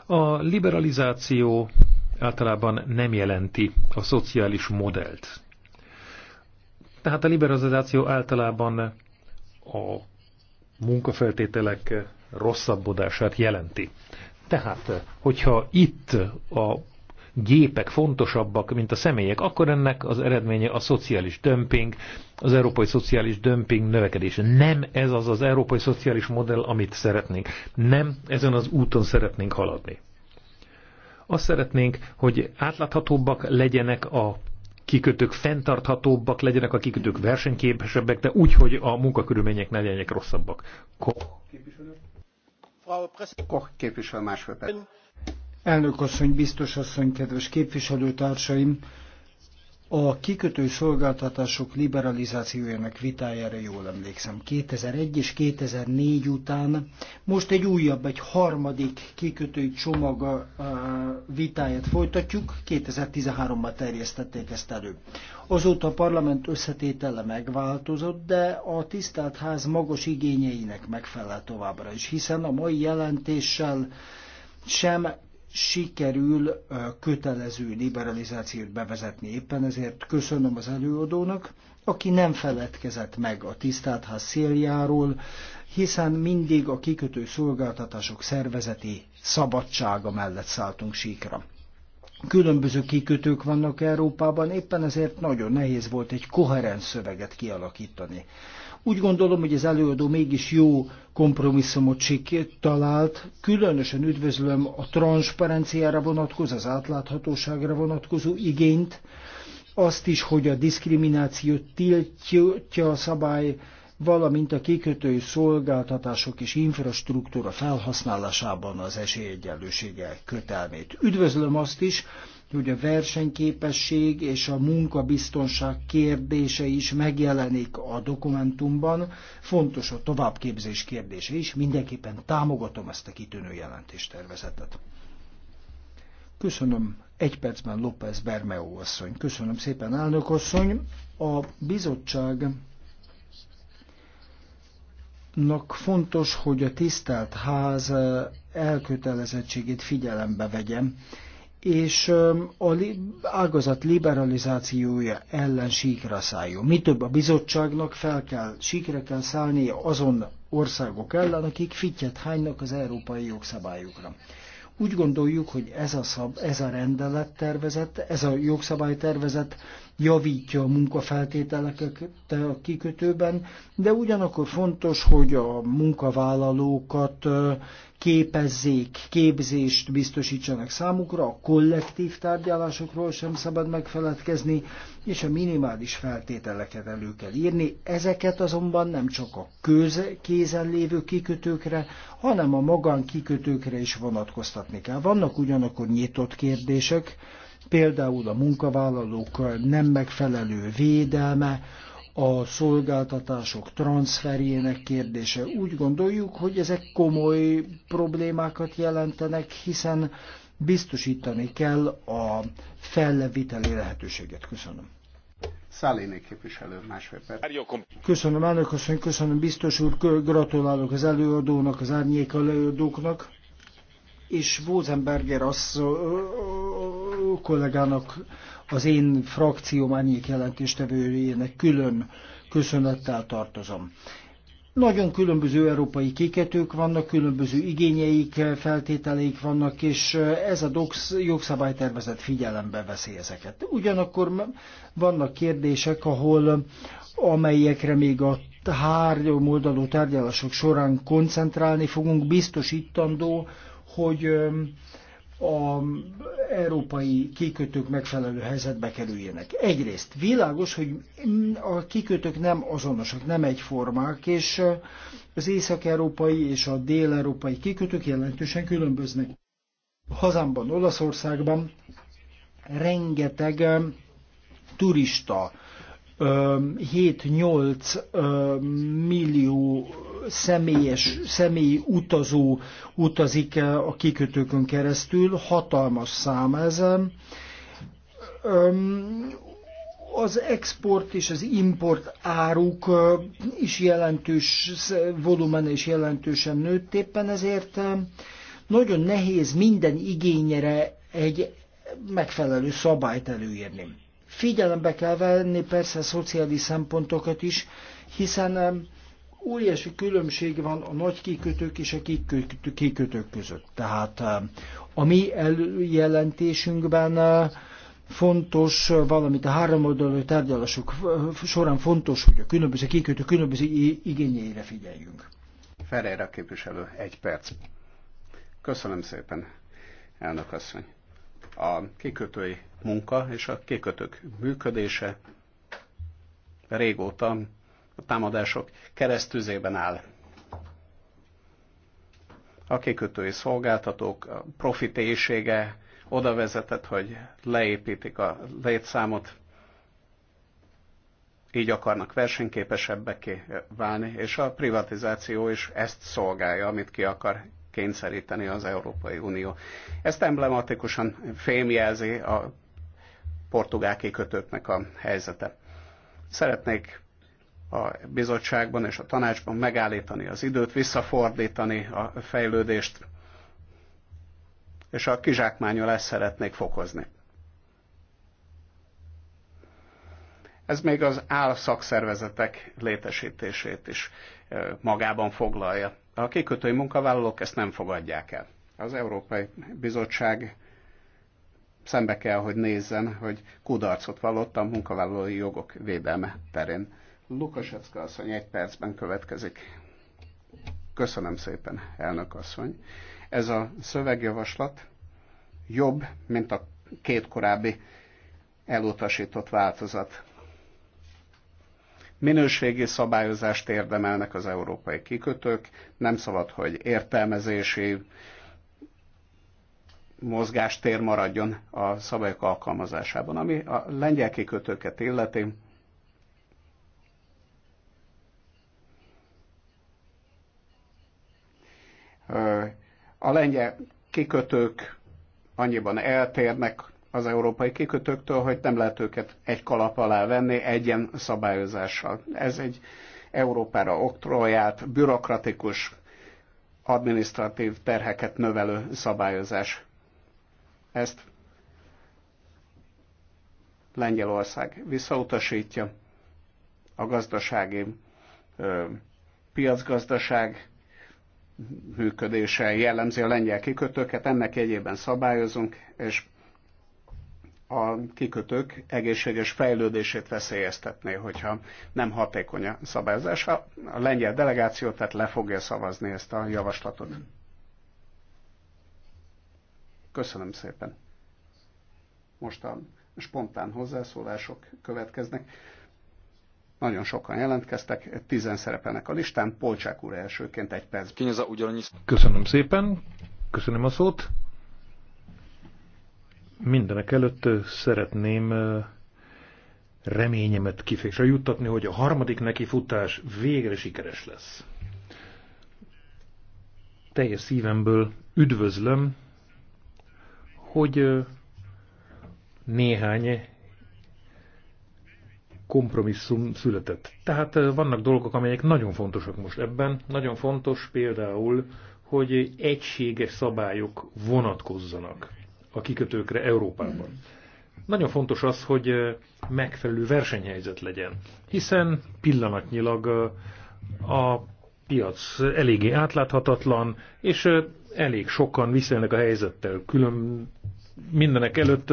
[SPEAKER 4] A liberalizáció általában nem jelenti a szociális modellt. Tehát a liberalizáció általában a munkafeltételek rosszabbodását jelenti. Tehát, hogyha itt a gépek fontosabbak, mint a személyek, akkor ennek az eredménye a szociális dömping, az európai szociális dömping növekedése. Nem ez az az európai szociális modell, amit szeretnénk. Nem ezen az úton szeretnénk haladni. Azt szeretnénk, hogy átláthatóbbak legyenek a kikötők, fenntarthatóbbak legyenek a kikötők, versenyképesebbek, de úgy, hogy a munkakörülmények ne legyenek rosszabbak. Koch
[SPEAKER 3] képviselő. Koch képviselő másfél perc.
[SPEAKER 1] Elnök asszony, biztos asszony, kedves képviselőtársaim! a kikötő szolgáltatások liberalizációjának vitájára jól emlékszem. 2001 és 2004 után most egy újabb, egy harmadik kikötői csomag vitáját folytatjuk, 2013-ban terjesztették ezt elő. Azóta a parlament összetétele megváltozott, de a tisztelt ház magas igényeinek megfelel továbbra is, hiszen a mai jelentéssel sem sikerül kötelező liberalizációt bevezetni. Éppen ezért köszönöm az előadónak, aki nem feledkezett meg a tisztátház széljáról, hiszen mindig a kikötő szolgáltatások szervezeti szabadsága mellett szálltunk síkra. Különböző kikötők vannak Európában, éppen ezért nagyon nehéz volt egy koherens szöveget kialakítani. Úgy gondolom, hogy az előadó mégis jó kompromisszumot talált. Különösen üdvözlöm a transzparenciára vonatkozó, az átláthatóságra vonatkozó igényt, azt is, hogy a diszkriminációt tiltja a szabály, valamint a kikötői szolgáltatások és infrastruktúra felhasználásában az esélyegyenlősége kötelmét. Üdvözlöm azt is, hogy a versenyképesség és a munkabiztonság kérdése is megjelenik a dokumentumban. Fontos a továbbképzés kérdése is. Mindenképpen támogatom ezt a kitűnő jelentéstervezetet. Köszönöm egy percben López Bermeó asszony. Köszönöm szépen, elnök asszony. A bizottság Nak fontos, hogy a tisztelt ház elkötelezettségét figyelembe vegyem és a ágazat liberalizációja ellen síkra szálljon. Mi több a bizottságnak fel kell, síkra kell szállnia azon országok ellen, akik fittyet hánynak az európai jogszabályokra. Úgy gondoljuk, hogy ez a, szab, ez a rendelet tervezett ez a jogszabály tervezett javítja a munkafeltételeket a kikötőben, de ugyanakkor fontos, hogy a munkavállalókat képezzék, képzést biztosítsanak számukra, a kollektív tárgyalásokról sem szabad megfeledkezni, és a minimális feltételeket elő kell írni. Ezeket azonban nem csak a köz, kézen lévő kikötőkre, hanem a magán kikötőkre is vonatkoztatni kell. Vannak ugyanakkor nyitott kérdések, például a munkavállalók nem megfelelő védelme, a szolgáltatások transferjének kérdése. Úgy gondoljuk, hogy ezek komoly problémákat jelentenek, hiszen biztosítani kell a felleviteli lehetőséget. Köszönöm.
[SPEAKER 3] Száléné képviselő, másfél perc.
[SPEAKER 1] Köszönöm, elnök asszony, köszönöm, biztos úr, gratulálok az előadónak, az árnyék előadóknak, és Wozenberger az kollégának az én frakcióm árnyék jelentéstevőjének külön köszönettel tartozom. Nagyon különböző európai kiketők vannak, különböző igényeik, feltételeik vannak, és ez a DOX jogszabálytervezet figyelembe veszi ezeket. Ugyanakkor vannak kérdések, ahol amelyekre még a három oldalú tárgyalások során koncentrálni fogunk, biztosítandó, hogy a európai kikötők megfelelő helyzetbe kerüljenek. Egyrészt világos, hogy a kikötők nem azonosak, nem egyformák, és az észak-európai és a dél-európai kikötők jelentősen különböznek. Hazámban, Olaszországban rengeteg um, turista 7-8 um, um, millió személyes, személyi utazó utazik eh, a kikötőkön keresztül, hatalmas szám ezen. Az export és az import áruk eh, is jelentős, volumen és jelentősen nőtt, éppen ezért nagyon nehéz minden igényre egy megfelelő szabályt előírni. Figyelembe kell venni persze a szociális szempontokat is, hiszen eh, óriási különbség van a nagy kikötők és a kikötők között. Tehát eh, a mi jelentésünkben eh, fontos, eh, valamint a oldalú tárgyalások során fontos, hogy a különböző kikötő különböző igényeire figyeljünk.
[SPEAKER 3] Ferreira képviselő, egy perc. Köszönöm szépen, elnök asszony. A kikötői munka és a kikötők működése régóta a támadások keresztüzében áll. A kikötői szolgáltatók a profit oda vezetett, hogy leépítik a létszámot, így akarnak versenyképesebbeké válni, és a privatizáció is ezt szolgálja, amit ki akar kényszeríteni az Európai Unió. Ezt emblematikusan fémjelzi a portugál kikötőknek a helyzete. Szeretnék a bizottságban és a tanácsban megállítani az időt, visszafordítani a fejlődést, és a kizsákmányolást szeretnék fokozni. Ez még az álszakszervezetek létesítését is magában foglalja. A kikötői munkavállalók ezt nem fogadják el. Az Európai Bizottság szembe kell, hogy nézzen, hogy kudarcot vallott a munkavállalói jogok védelme terén. Lukasecka asszony egy percben következik. Köszönöm szépen, elnök asszony. Ez a szövegjavaslat jobb, mint a két korábbi elutasított változat. Minőségi szabályozást érdemelnek az európai kikötők, nem szabad, hogy értelmezési mozgástér maradjon a szabályok alkalmazásában. Ami a lengyel kikötőket illeti, A lengyel kikötők annyiban eltérnek az európai kikötőktől, hogy nem lehet őket egy kalap alá venni egyen szabályozással. Ez egy Európára oktroyált, bürokratikus, administratív terheket növelő szabályozás. Ezt Lengyelország visszautasítja. A gazdasági ö, piacgazdaság működése jellemzi a lengyel kikötőket, ennek egyében szabályozunk, és a kikötők egészséges fejlődését veszélyeztetné, hogyha nem hatékony a szabályozás. A lengyel delegáció tehát le fogja szavazni ezt a javaslatot. Köszönöm szépen. Most a spontán hozzászólások következnek. Nagyon sokan jelentkeztek, tizen szerepelnek a listán, Polcsák úr elsőként egy perc.
[SPEAKER 4] Köszönöm szépen, köszönöm a szót. Mindenek előtt szeretném reményemet kifejezésre juttatni, hogy a harmadik neki futás végre sikeres lesz. Teljes szívemből üdvözlöm, hogy néhány kompromisszum született. Tehát vannak dolgok, amelyek nagyon fontosak most ebben. Nagyon fontos például, hogy egységes szabályok vonatkozzanak a kikötőkre Európában. Nagyon fontos az, hogy megfelelő versenyhelyzet legyen, hiszen pillanatnyilag a piac eléggé átláthatatlan, és elég sokan viszonylag a helyzettel külön mindenek előtt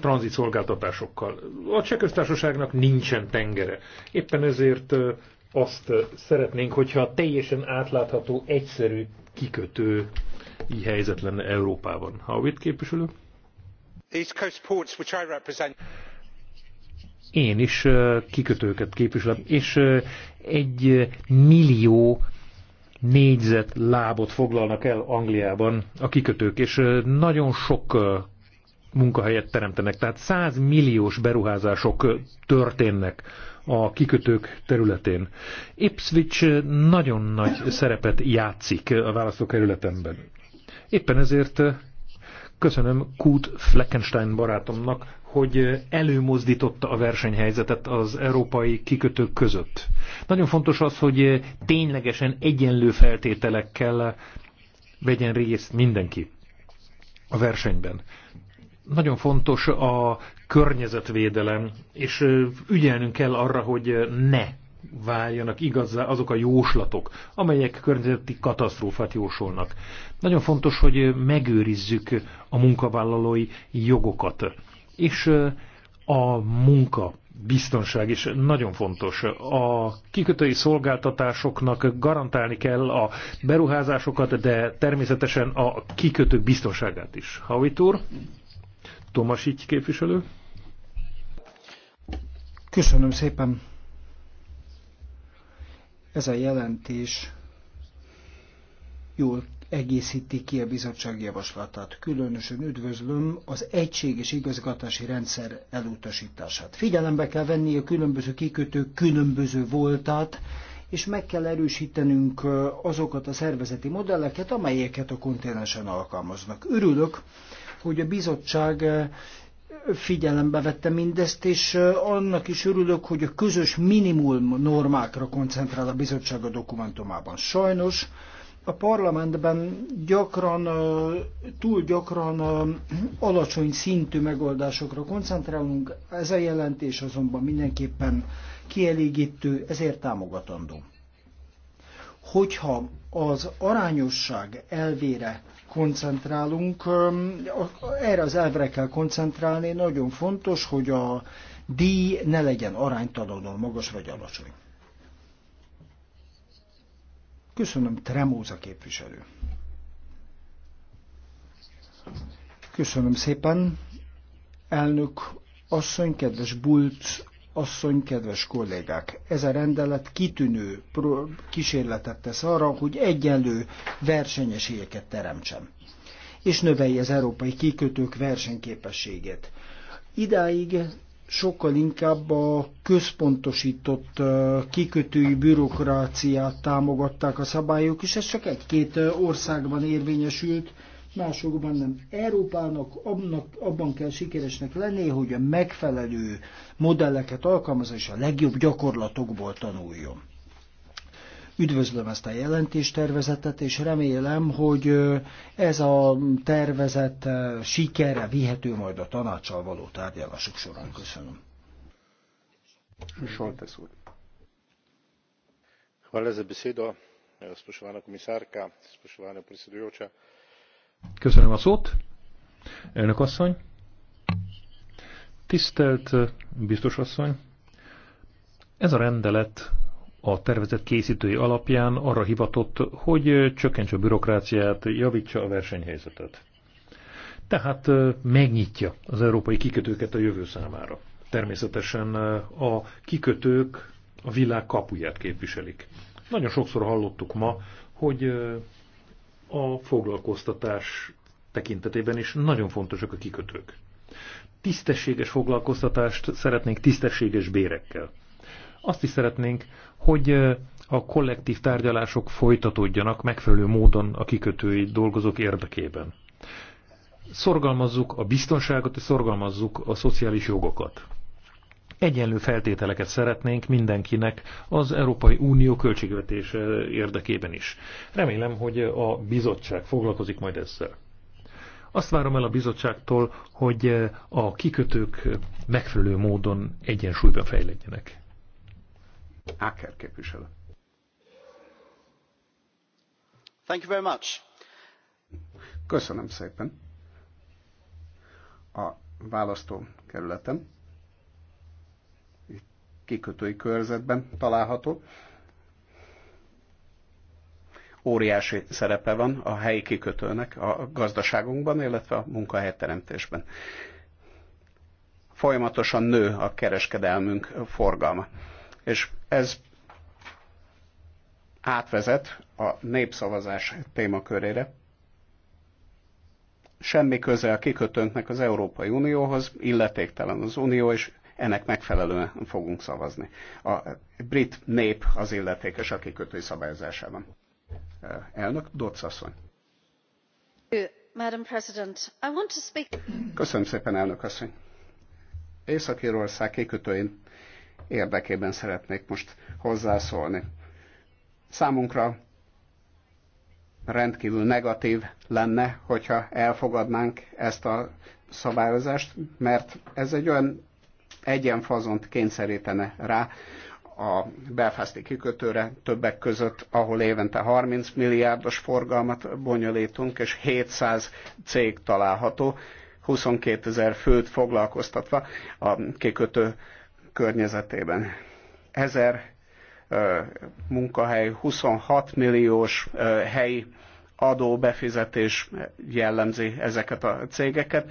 [SPEAKER 4] tranzit szolgáltatásokkal. A cseh köztársaságnak nincsen tengere. Éppen ezért azt szeretnénk, hogyha teljesen átlátható, egyszerű kikötő így helyzet lenne Európában. Howitt képviselő? Én is kikötőket képviselem, és egy millió négyzet lábot foglalnak el Angliában a kikötők, és nagyon sok munkahelyet teremtenek. Tehát 100 milliós beruházások történnek a kikötők területén. Ipswich nagyon nagy szerepet játszik a választókerületemben. Éppen ezért köszönöm Kút Fleckenstein barátomnak, hogy előmozdította a versenyhelyzetet az európai kikötők között. Nagyon fontos az, hogy ténylegesen egyenlő feltételekkel vegyen részt mindenki a versenyben. Nagyon fontos a környezetvédelem, és ügyelnünk kell arra, hogy ne váljanak igazza azok a jóslatok, amelyek környezeti katasztrófát jósolnak. Nagyon fontos, hogy megőrizzük a munkavállalói jogokat, és a munka biztonság is nagyon fontos. A kikötői szolgáltatásoknak garantálni kell a beruházásokat, de természetesen a kikötők biztonságát is. Havit úr?
[SPEAKER 1] Tomasics képviselő. Köszönöm szépen. Ez a jelentés jól egészíti ki a bizottság javaslatát. Különösen üdvözlöm az egységes igazgatási rendszer elutasítását. Figyelembe kell venni a különböző kikötők különböző voltát, és meg kell erősítenünk azokat a szervezeti modelleket, amelyeket a kontinensen alkalmaznak. Örülök, hogy a bizottság eh, figyelembe vette mindezt, és eh, annak is örülök, hogy a közös minimum normákra koncentrál a bizottság a dokumentumában. Sajnos a parlamentben gyakran, eh, túl gyakran alacsony szintű megoldásokra koncentrálunk, ez a jelentés azonban mindenképpen kielégítő, ezért támogatandó. Hogyha az arányosság elvére koncentrálunk, erre az elvre kell koncentrálni, nagyon fontos, hogy a díj ne legyen aránytalanul magas vagy alacsony. Köszönöm, Tremóza képviselő. Köszönöm szépen, elnök asszony, kedves Bulc asszony, kedves kollégák, ez a rendelet kitűnő kísérletet tesz arra, hogy egyenlő versenyeségeket teremtsen, és növelje az európai kikötők versenyképességét. Idáig sokkal inkább a központosított kikötői bürokráciát támogatták a szabályok, és ez csak egy-két országban érvényesült, másokban nem. Európának abnak, abban kell sikeresnek lenni, hogy a megfelelő modelleket alkalmazza és a legjobb gyakorlatokból tanuljon. Üdvözlöm ezt a jelentéstervezetet, és remélem, hogy ez a tervezet sikerre vihető majd a tanácssal való tárgyalások során. Köszönöm. Soltesz úr.
[SPEAKER 4] Hvala za besedo, spoštovana komisarka, spoštovana predsedujoča. Köszönöm a szót. Elnök asszony. Tisztelt biztos asszony. Ez a rendelet a tervezet készítői alapján arra hivatott, hogy csökkentse a bürokráciát, javítsa a versenyhelyzetet. Tehát megnyitja az európai kikötőket a jövő számára. Természetesen a kikötők a világ kapuját képviselik. Nagyon sokszor hallottuk ma, hogy a foglalkoztatás tekintetében is nagyon fontosak a kikötők. Tisztességes foglalkoztatást szeretnénk tisztességes bérekkel. Azt is szeretnénk, hogy a kollektív tárgyalások folytatódjanak megfelelő módon a kikötői dolgozók érdekében. Szorgalmazzuk a biztonságot és szorgalmazzuk a szociális jogokat. Egyenlő feltételeket szeretnénk mindenkinek az Európai Unió költségvetés érdekében is. Remélem, hogy a bizottság foglalkozik majd ezzel. Azt várom el a bizottságtól, hogy a kikötők megfelelő módon egyensúlyban fejlődjenek.
[SPEAKER 3] Áker képviselő.
[SPEAKER 1] Thank you very much.
[SPEAKER 3] Köszönöm szépen. A választó kerületem kikötői körzetben található. Óriási szerepe van a helyi kikötőnek a gazdaságunkban, illetve a munkahelyteremtésben. Folyamatosan nő a kereskedelmünk forgalma. És ez átvezet a népszavazás témakörére. Semmi köze a kikötőnknek az Európai Unióhoz, illetéktelen az Unió, és ennek megfelelően fogunk szavazni. A brit nép az illetékes a kikötői szabályozásában. Eh, elnök Dodds asszony. Köszönöm szépen, elnök asszony. Észak-Írország kikötőin érdekében szeretnék most hozzászólni. Számunkra rendkívül negatív lenne, hogyha elfogadnánk ezt a szabályozást, mert ez egy olyan egyenfazont kényszerítene rá a belfászti kikötőre többek között, ahol évente 30 milliárdos forgalmat bonyolítunk, és 700 cég található, 22 ezer főt foglalkoztatva a kikötő környezetében. Ezer munkahely, 26 milliós helyi adóbefizetés jellemzi ezeket a cégeket.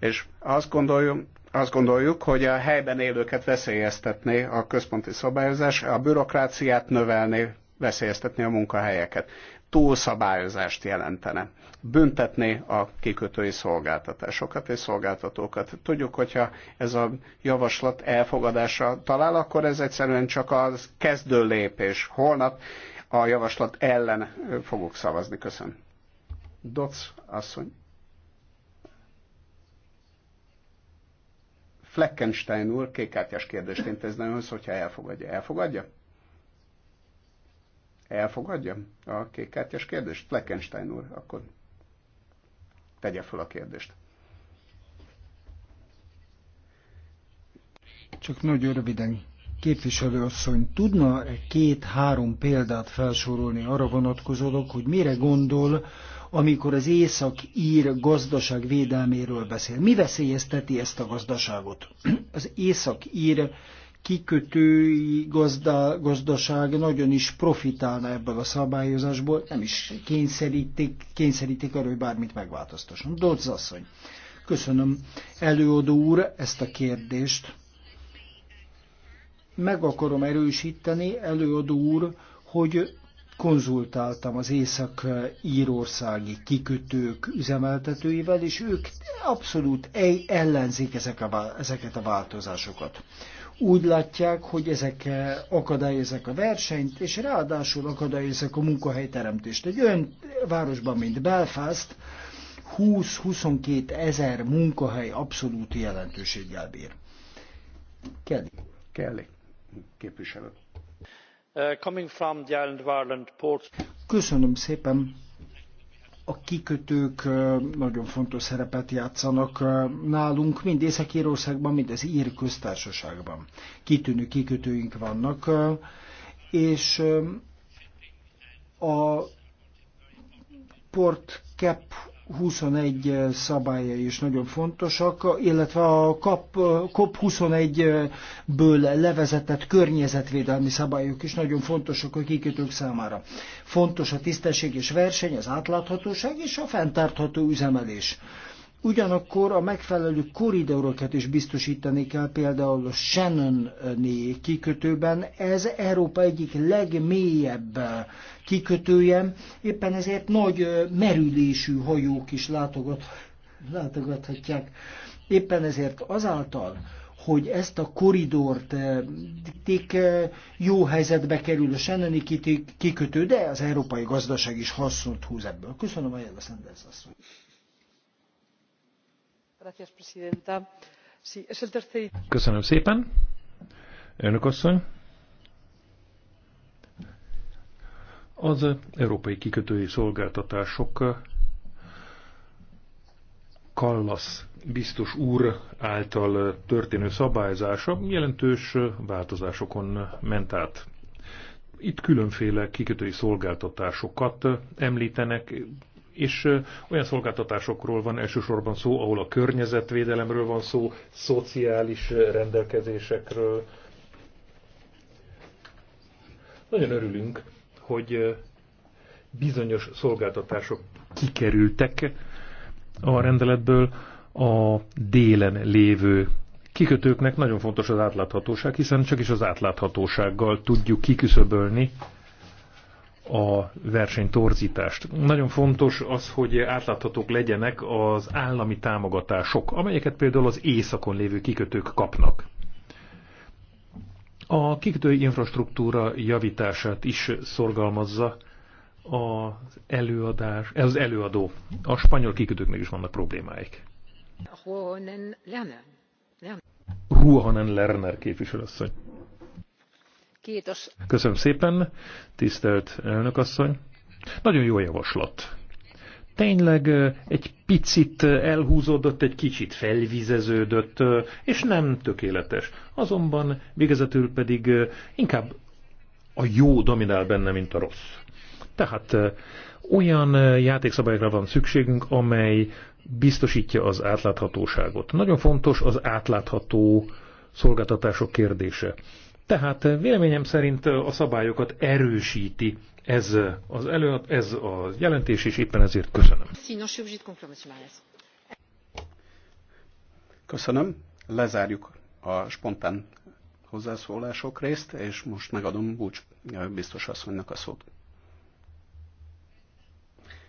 [SPEAKER 3] És azt gondoljuk, azt gondoljuk, hogy a helyben élőket veszélyeztetné a központi szabályozás, a bürokráciát növelné, veszélyeztetné a munkahelyeket. Túlszabályozást jelentene. Büntetné a kikötői szolgáltatásokat és szolgáltatókat. Tudjuk, hogyha ez a javaslat elfogadása talál, akkor ez egyszerűen csak az kezdő lépés. Holnap a javaslat ellen fogok szavazni. Köszönöm. Doc asszony. Fleckenstein úr kékkártyás kérdést intézne önhöz, hogyha elfogadja. Elfogadja? Elfogadja a kékártyás kérdést? Fleckenstein úr, akkor tegye fel a kérdést.
[SPEAKER 1] Csak nagyon röviden, képviselőasszony, tudna két-három példát felsorolni arra vonatkozólag, hogy mire gondol, amikor az észak-ír gazdaság védelméről beszél. Mi veszélyezteti ezt a gazdaságot? *clears throat* Az észak-ír kikötői gazda, gazdaság nagyon is profitálna ebből a szabályozásból, nem is kényszerítik, kényszerítik arra, hogy bármit megváltoztasson. Dodz asszony, köszönöm előadó úr ezt a kérdést. Meg akarom erősíteni, előadó úr, hogy konzultáltam az észak-írországi kikötők üzemeltetőivel, és ők abszolút ellenzik ezek a, ezeket a változásokat. Úgy látják, hogy ezek eh, akadályozzák a versenyt, és ráadásul akadályozzák a munkahelyteremtést. Egy olyan városban, mint Belfast, 20-22 ezer munkahely abszolút jelentőséggel bír. Kelly. Kelly.
[SPEAKER 3] Képviselő.
[SPEAKER 4] Uh, coming from the island of ireland ports.
[SPEAKER 1] Köszönöm szépen. A kikötők uh, nagyon fontos szerepet játszanak uh, nálunk, mind Észak-Írországban, mind az Ír köztársaságban. Kitűnő kikötőink vannak, és um, a Port Cap 21 szabályai is nagyon fontosak, illetve a COP21-ből levezetett környezetvédelmi szabályok is nagyon fontosak a kikötők számára. Fontos a és verseny, az átláthatóság és a fenntartható üzemelés. Ugyanakkor a megfelelő koridorokat is biztosítani kell, például a Shannon-i kikötőben. Ez Európa egyik legmélyebb kikötője, éppen ezért nagy merülésű hajók is látogat, látogathatják. Éppen ezért azáltal, hogy ezt a koridort tik jó helyzetbe kerül a Shannoni kikötő, de az európai gazdaság is hasznot húz ebből. Köszönöm a jelenleszendez asszony.
[SPEAKER 4] Köszönöm szépen. Önök asszony. Az európai kikötői szolgáltatások Kallas biztos úr által történő szabályzása jelentős változásokon ment át. Itt különféle kikötői szolgáltatásokat említenek, és olyan szolgáltatásokról van elsősorban szó, ahol a környezetvédelemről van szó, szociális rendelkezésekről. Nagyon örülünk, hogy bizonyos szolgáltatások kikerültek a rendeletből a délen lévő kikötőknek nagyon fontos az átláthatóság, hiszen csak is az átláthatósággal tudjuk kiküszöbölni a versenytorzítást. Nagyon fontos az, hogy átláthatók legyenek az állami támogatások, amelyeket például az északon lévő kikötők kapnak. A kikötői infrastruktúra javítását is szorgalmazza az előadás, az előadó. A spanyol kikötőknek is vannak problémáik. Ruohonen Lerner képviselőasszony. Köszönöm szépen, tisztelt asszony. Nagyon jó javaslat. Tényleg egy picit elhúzódott, egy kicsit felvizeződött, és nem tökéletes. Azonban végezetül pedig inkább a jó dominál benne, mint a rossz. Tehát olyan játékszabályokra van szükségünk, amely biztosítja az átláthatóságot. Nagyon fontos az átlátható szolgáltatások kérdése. Tehát véleményem szerint a szabályokat erősíti ez az, elő, ez a jelentés, és éppen ezért köszönöm.
[SPEAKER 3] Köszönöm. Lezárjuk a spontán hozzászólások részt, és most megadom Búcs biztos asszonynak a szót.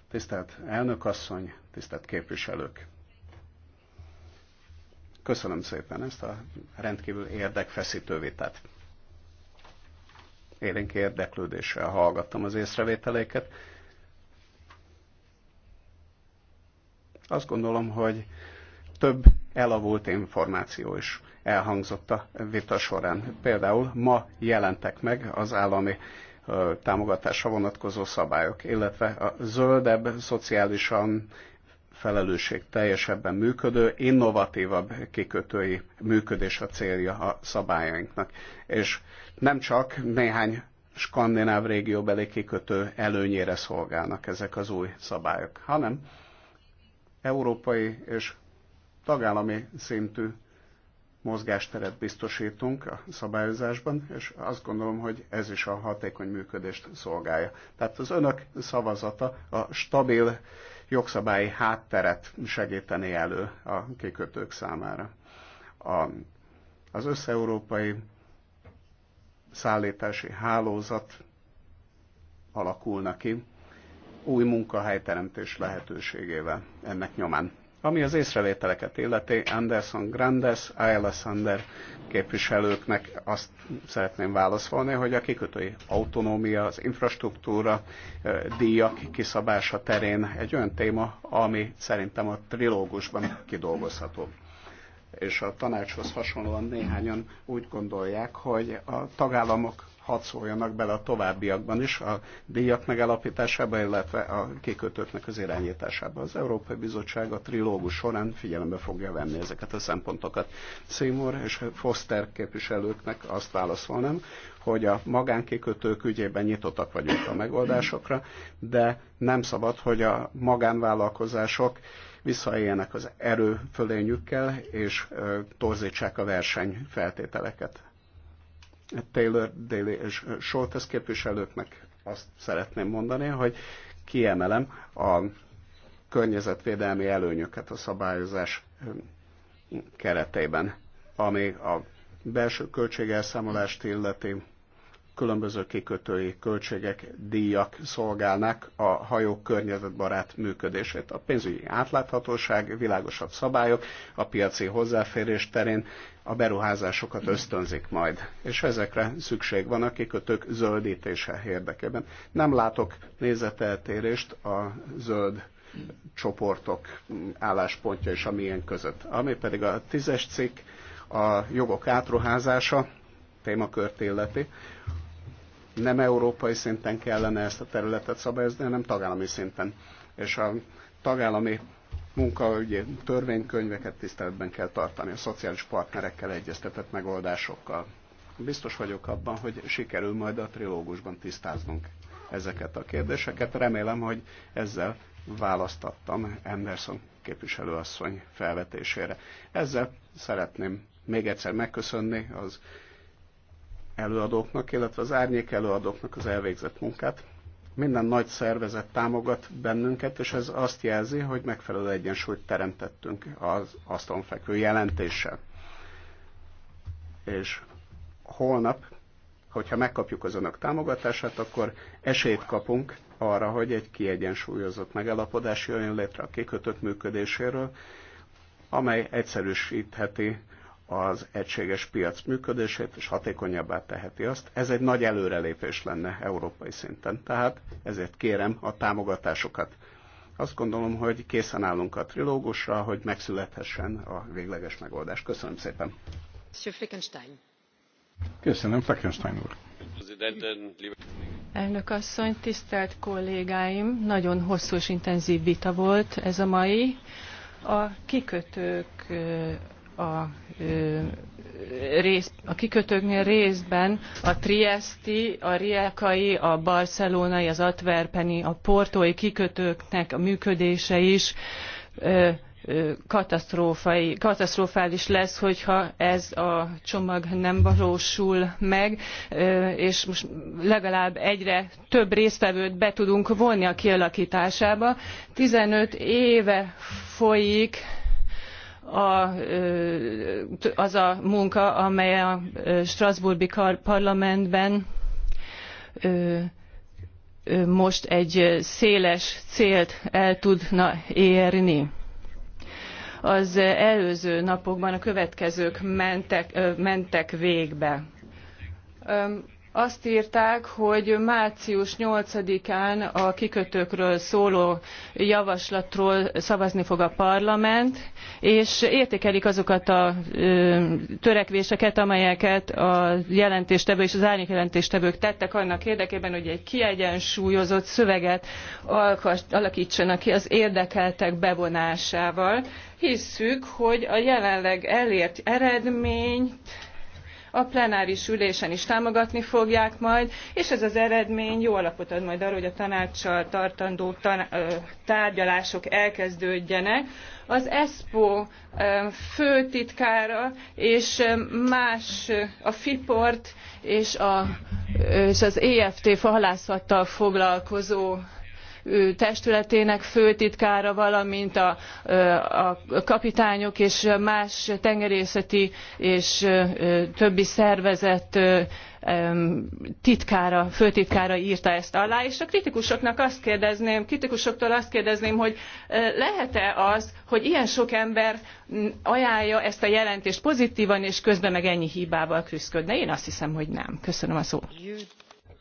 [SPEAKER 3] Tisztelt elnök asszony, tisztelt képviselők! Köszönöm szépen ezt a rendkívül érdekfeszítő vitát élénk érdeklődéssel hallgattam az észrevételeiket. Azt gondolom, hogy több elavult információ is elhangzott a vita során. Például ma jelentek meg az állami támogatásra vonatkozó szabályok, illetve a zöldebb, szociálisan felelősség teljesebben működő, innovatívabb kikötői működés a célja a szabályainknak. És nem csak néhány skandináv régióbeli kikötő előnyére szolgálnak ezek az új szabályok, hanem európai és tagállami szintű mozgásteret biztosítunk a szabályozásban, és azt gondolom, hogy ez is a hatékony működést szolgálja. Tehát az önök szavazata a stabil jogszabályi hátteret segíteni elő a kikötők számára. A, az összeurópai szállítási hálózat alakulna ki új munkahelyteremtés lehetőségével ennek nyomán. Ami az észrevételeket illeti, Anderson Grandes, Ayala Sander képviselőknek azt szeretném válaszolni, hogy a kikötői autonómia, az infrastruktúra, díjak kiszabása terén egy olyan téma, ami szerintem a trilógusban kidolgozható és a tanácshoz hasonlóan néhányan úgy gondolják, hogy a tagállamok hadd szóljanak bele a továbbiakban is a díjak megállapításába, illetve a kikötőknek az irányításába. Az Európai Bizottság a trilógus során figyelembe fogja venni ezeket a szempontokat. Seymour és Foster képviselőknek azt válaszolnám, hogy a magánkikötők ügyében nyitottak vagyunk a megoldásokra, de nem szabad, hogy a magánvállalkozások visszaéljenek az erő fölényükkel, és torzítsák a verseny feltételeket. Taylor, Daly és Scholtes képviselőknek azt szeretném mondani, hogy kiemelem a környezetvédelmi előnyöket a szabályozás hm, keretében, ami a belső költségelszámolást illeti, különböző kikötői költségek, díjak szolgálnak a hajók környezetbarát működését. A pénzügyi átláthatóság, világosabb szabályok, a piaci hozzáférés terén a beruházásokat ösztönzik majd, és ezekre szükség van a kikötők zöldítése érdekében. Nem látok nézeteltérést a zöld csoportok álláspontja és a milyen között. Ami pedig a tízes cikk, a jogok átruházása témakört illeti nem európai szinten kellene ezt a területet szabályozni, hanem tagállami szinten. És a tagállami munkaügyi törvénykönyveket tiszteletben kell tartani, a szociális partnerekkel egyeztetett megoldásokkal. Biztos vagyok abban, hogy sikerül majd a trilógusban tisztáznunk ezeket a kérdéseket. Remélem, hogy ezzel választattam Anderson képviselőasszony felvetésére. Ezzel szeretném még egyszer megköszönni az előadóknak, illetve az árnyék előadóknak az elvégzett munkát. Minden nagy szervezet támogat bennünket, és ez azt jelzi, hogy megfelelő egyensúlyt teremtettünk az asztalon fekvő jelentéssel. És holnap, hogyha megkapjuk az önök támogatását, akkor esélyt kapunk arra, hogy egy kiegyensúlyozott megalapodás jöjjön létre a kikötött működéséről, amely egyszerűsítheti az egységes piac működését, és hatékonyabbá teheti azt. Ez egy nagy előrelépés lenne európai szinten. Tehát ezért kérem a támogatásokat. Azt gondolom, hogy készen állunk a trilógusra, hogy megszülethessen a végleges megoldás. Köszönöm szépen. Köszönöm, Fleckenstein úr.
[SPEAKER 2] Elnök asszony, tisztelt kollégáim, nagyon hosszú és intenzív vita volt ez a mai. A kikötők a, rész, a kikötőknél részben a triesti, a riekai, a barcelonai, az Atverpeni, a portói kikötőknek a működése is katasztrofális lesz, hogyha ez a csomag nem valósul meg, és most legalább egyre több résztvevőt be tudunk vonni a kialakításába. 15 éve folyik a, az a munka, amely a Strasbourgi parlamentben most egy széles célt el tudna érni az előző napokban a következők mentek, mentek végbe azt írták, hogy március 8-án a kikötőkről szóló javaslatról szavazni fog a parlament, és értékelik azokat a törekvéseket, amelyeket a jelentéstevő és az árnyékjelentéstevők tettek annak érdekében, hogy egy kiegyensúlyozott szöveget alakítsanak ki az érdekeltek bevonásával. Hisszük, hogy a jelenleg elért eredmény a plenáris ülésen is támogatni fogják majd, és ez az eredmény jó alapot ad majd arra, hogy a tanácssal tartandó tárgyalások elkezdődjenek. Az ESPO főtitkára és más a FIPORT és, a, és az EFT halászattal foglalkozó testületének főtitkára, valamint a, a kapitányok és más tengerészeti és többi szervezet titkára, főtitkára írta ezt alá, és a kritikusoknak azt kérdezném, kritikusoktól azt kérdezném, hogy lehet-e az, hogy ilyen sok ember ajánlja ezt a jelentést pozitívan, és közben meg ennyi hibával küzdködne? Én azt hiszem, hogy nem. Köszönöm a szót.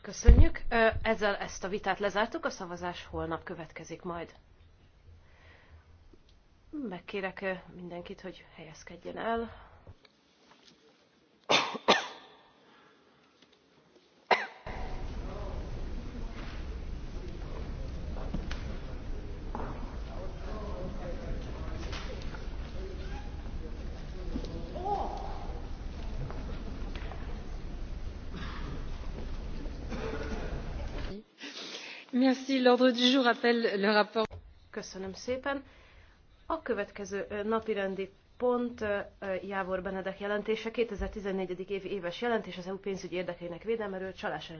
[SPEAKER 2] Köszönjük. Ezzel ezt a vitát lezártuk, a szavazás holnap következik majd. Megkérek mindenkit, hogy helyezkedjen el. Köszönöm szépen. A következő napirendi pont Jávor Benedek jelentése, 2014. évi éves jelentés az EU pénzügyi érdekeinek védelméről csalás elleni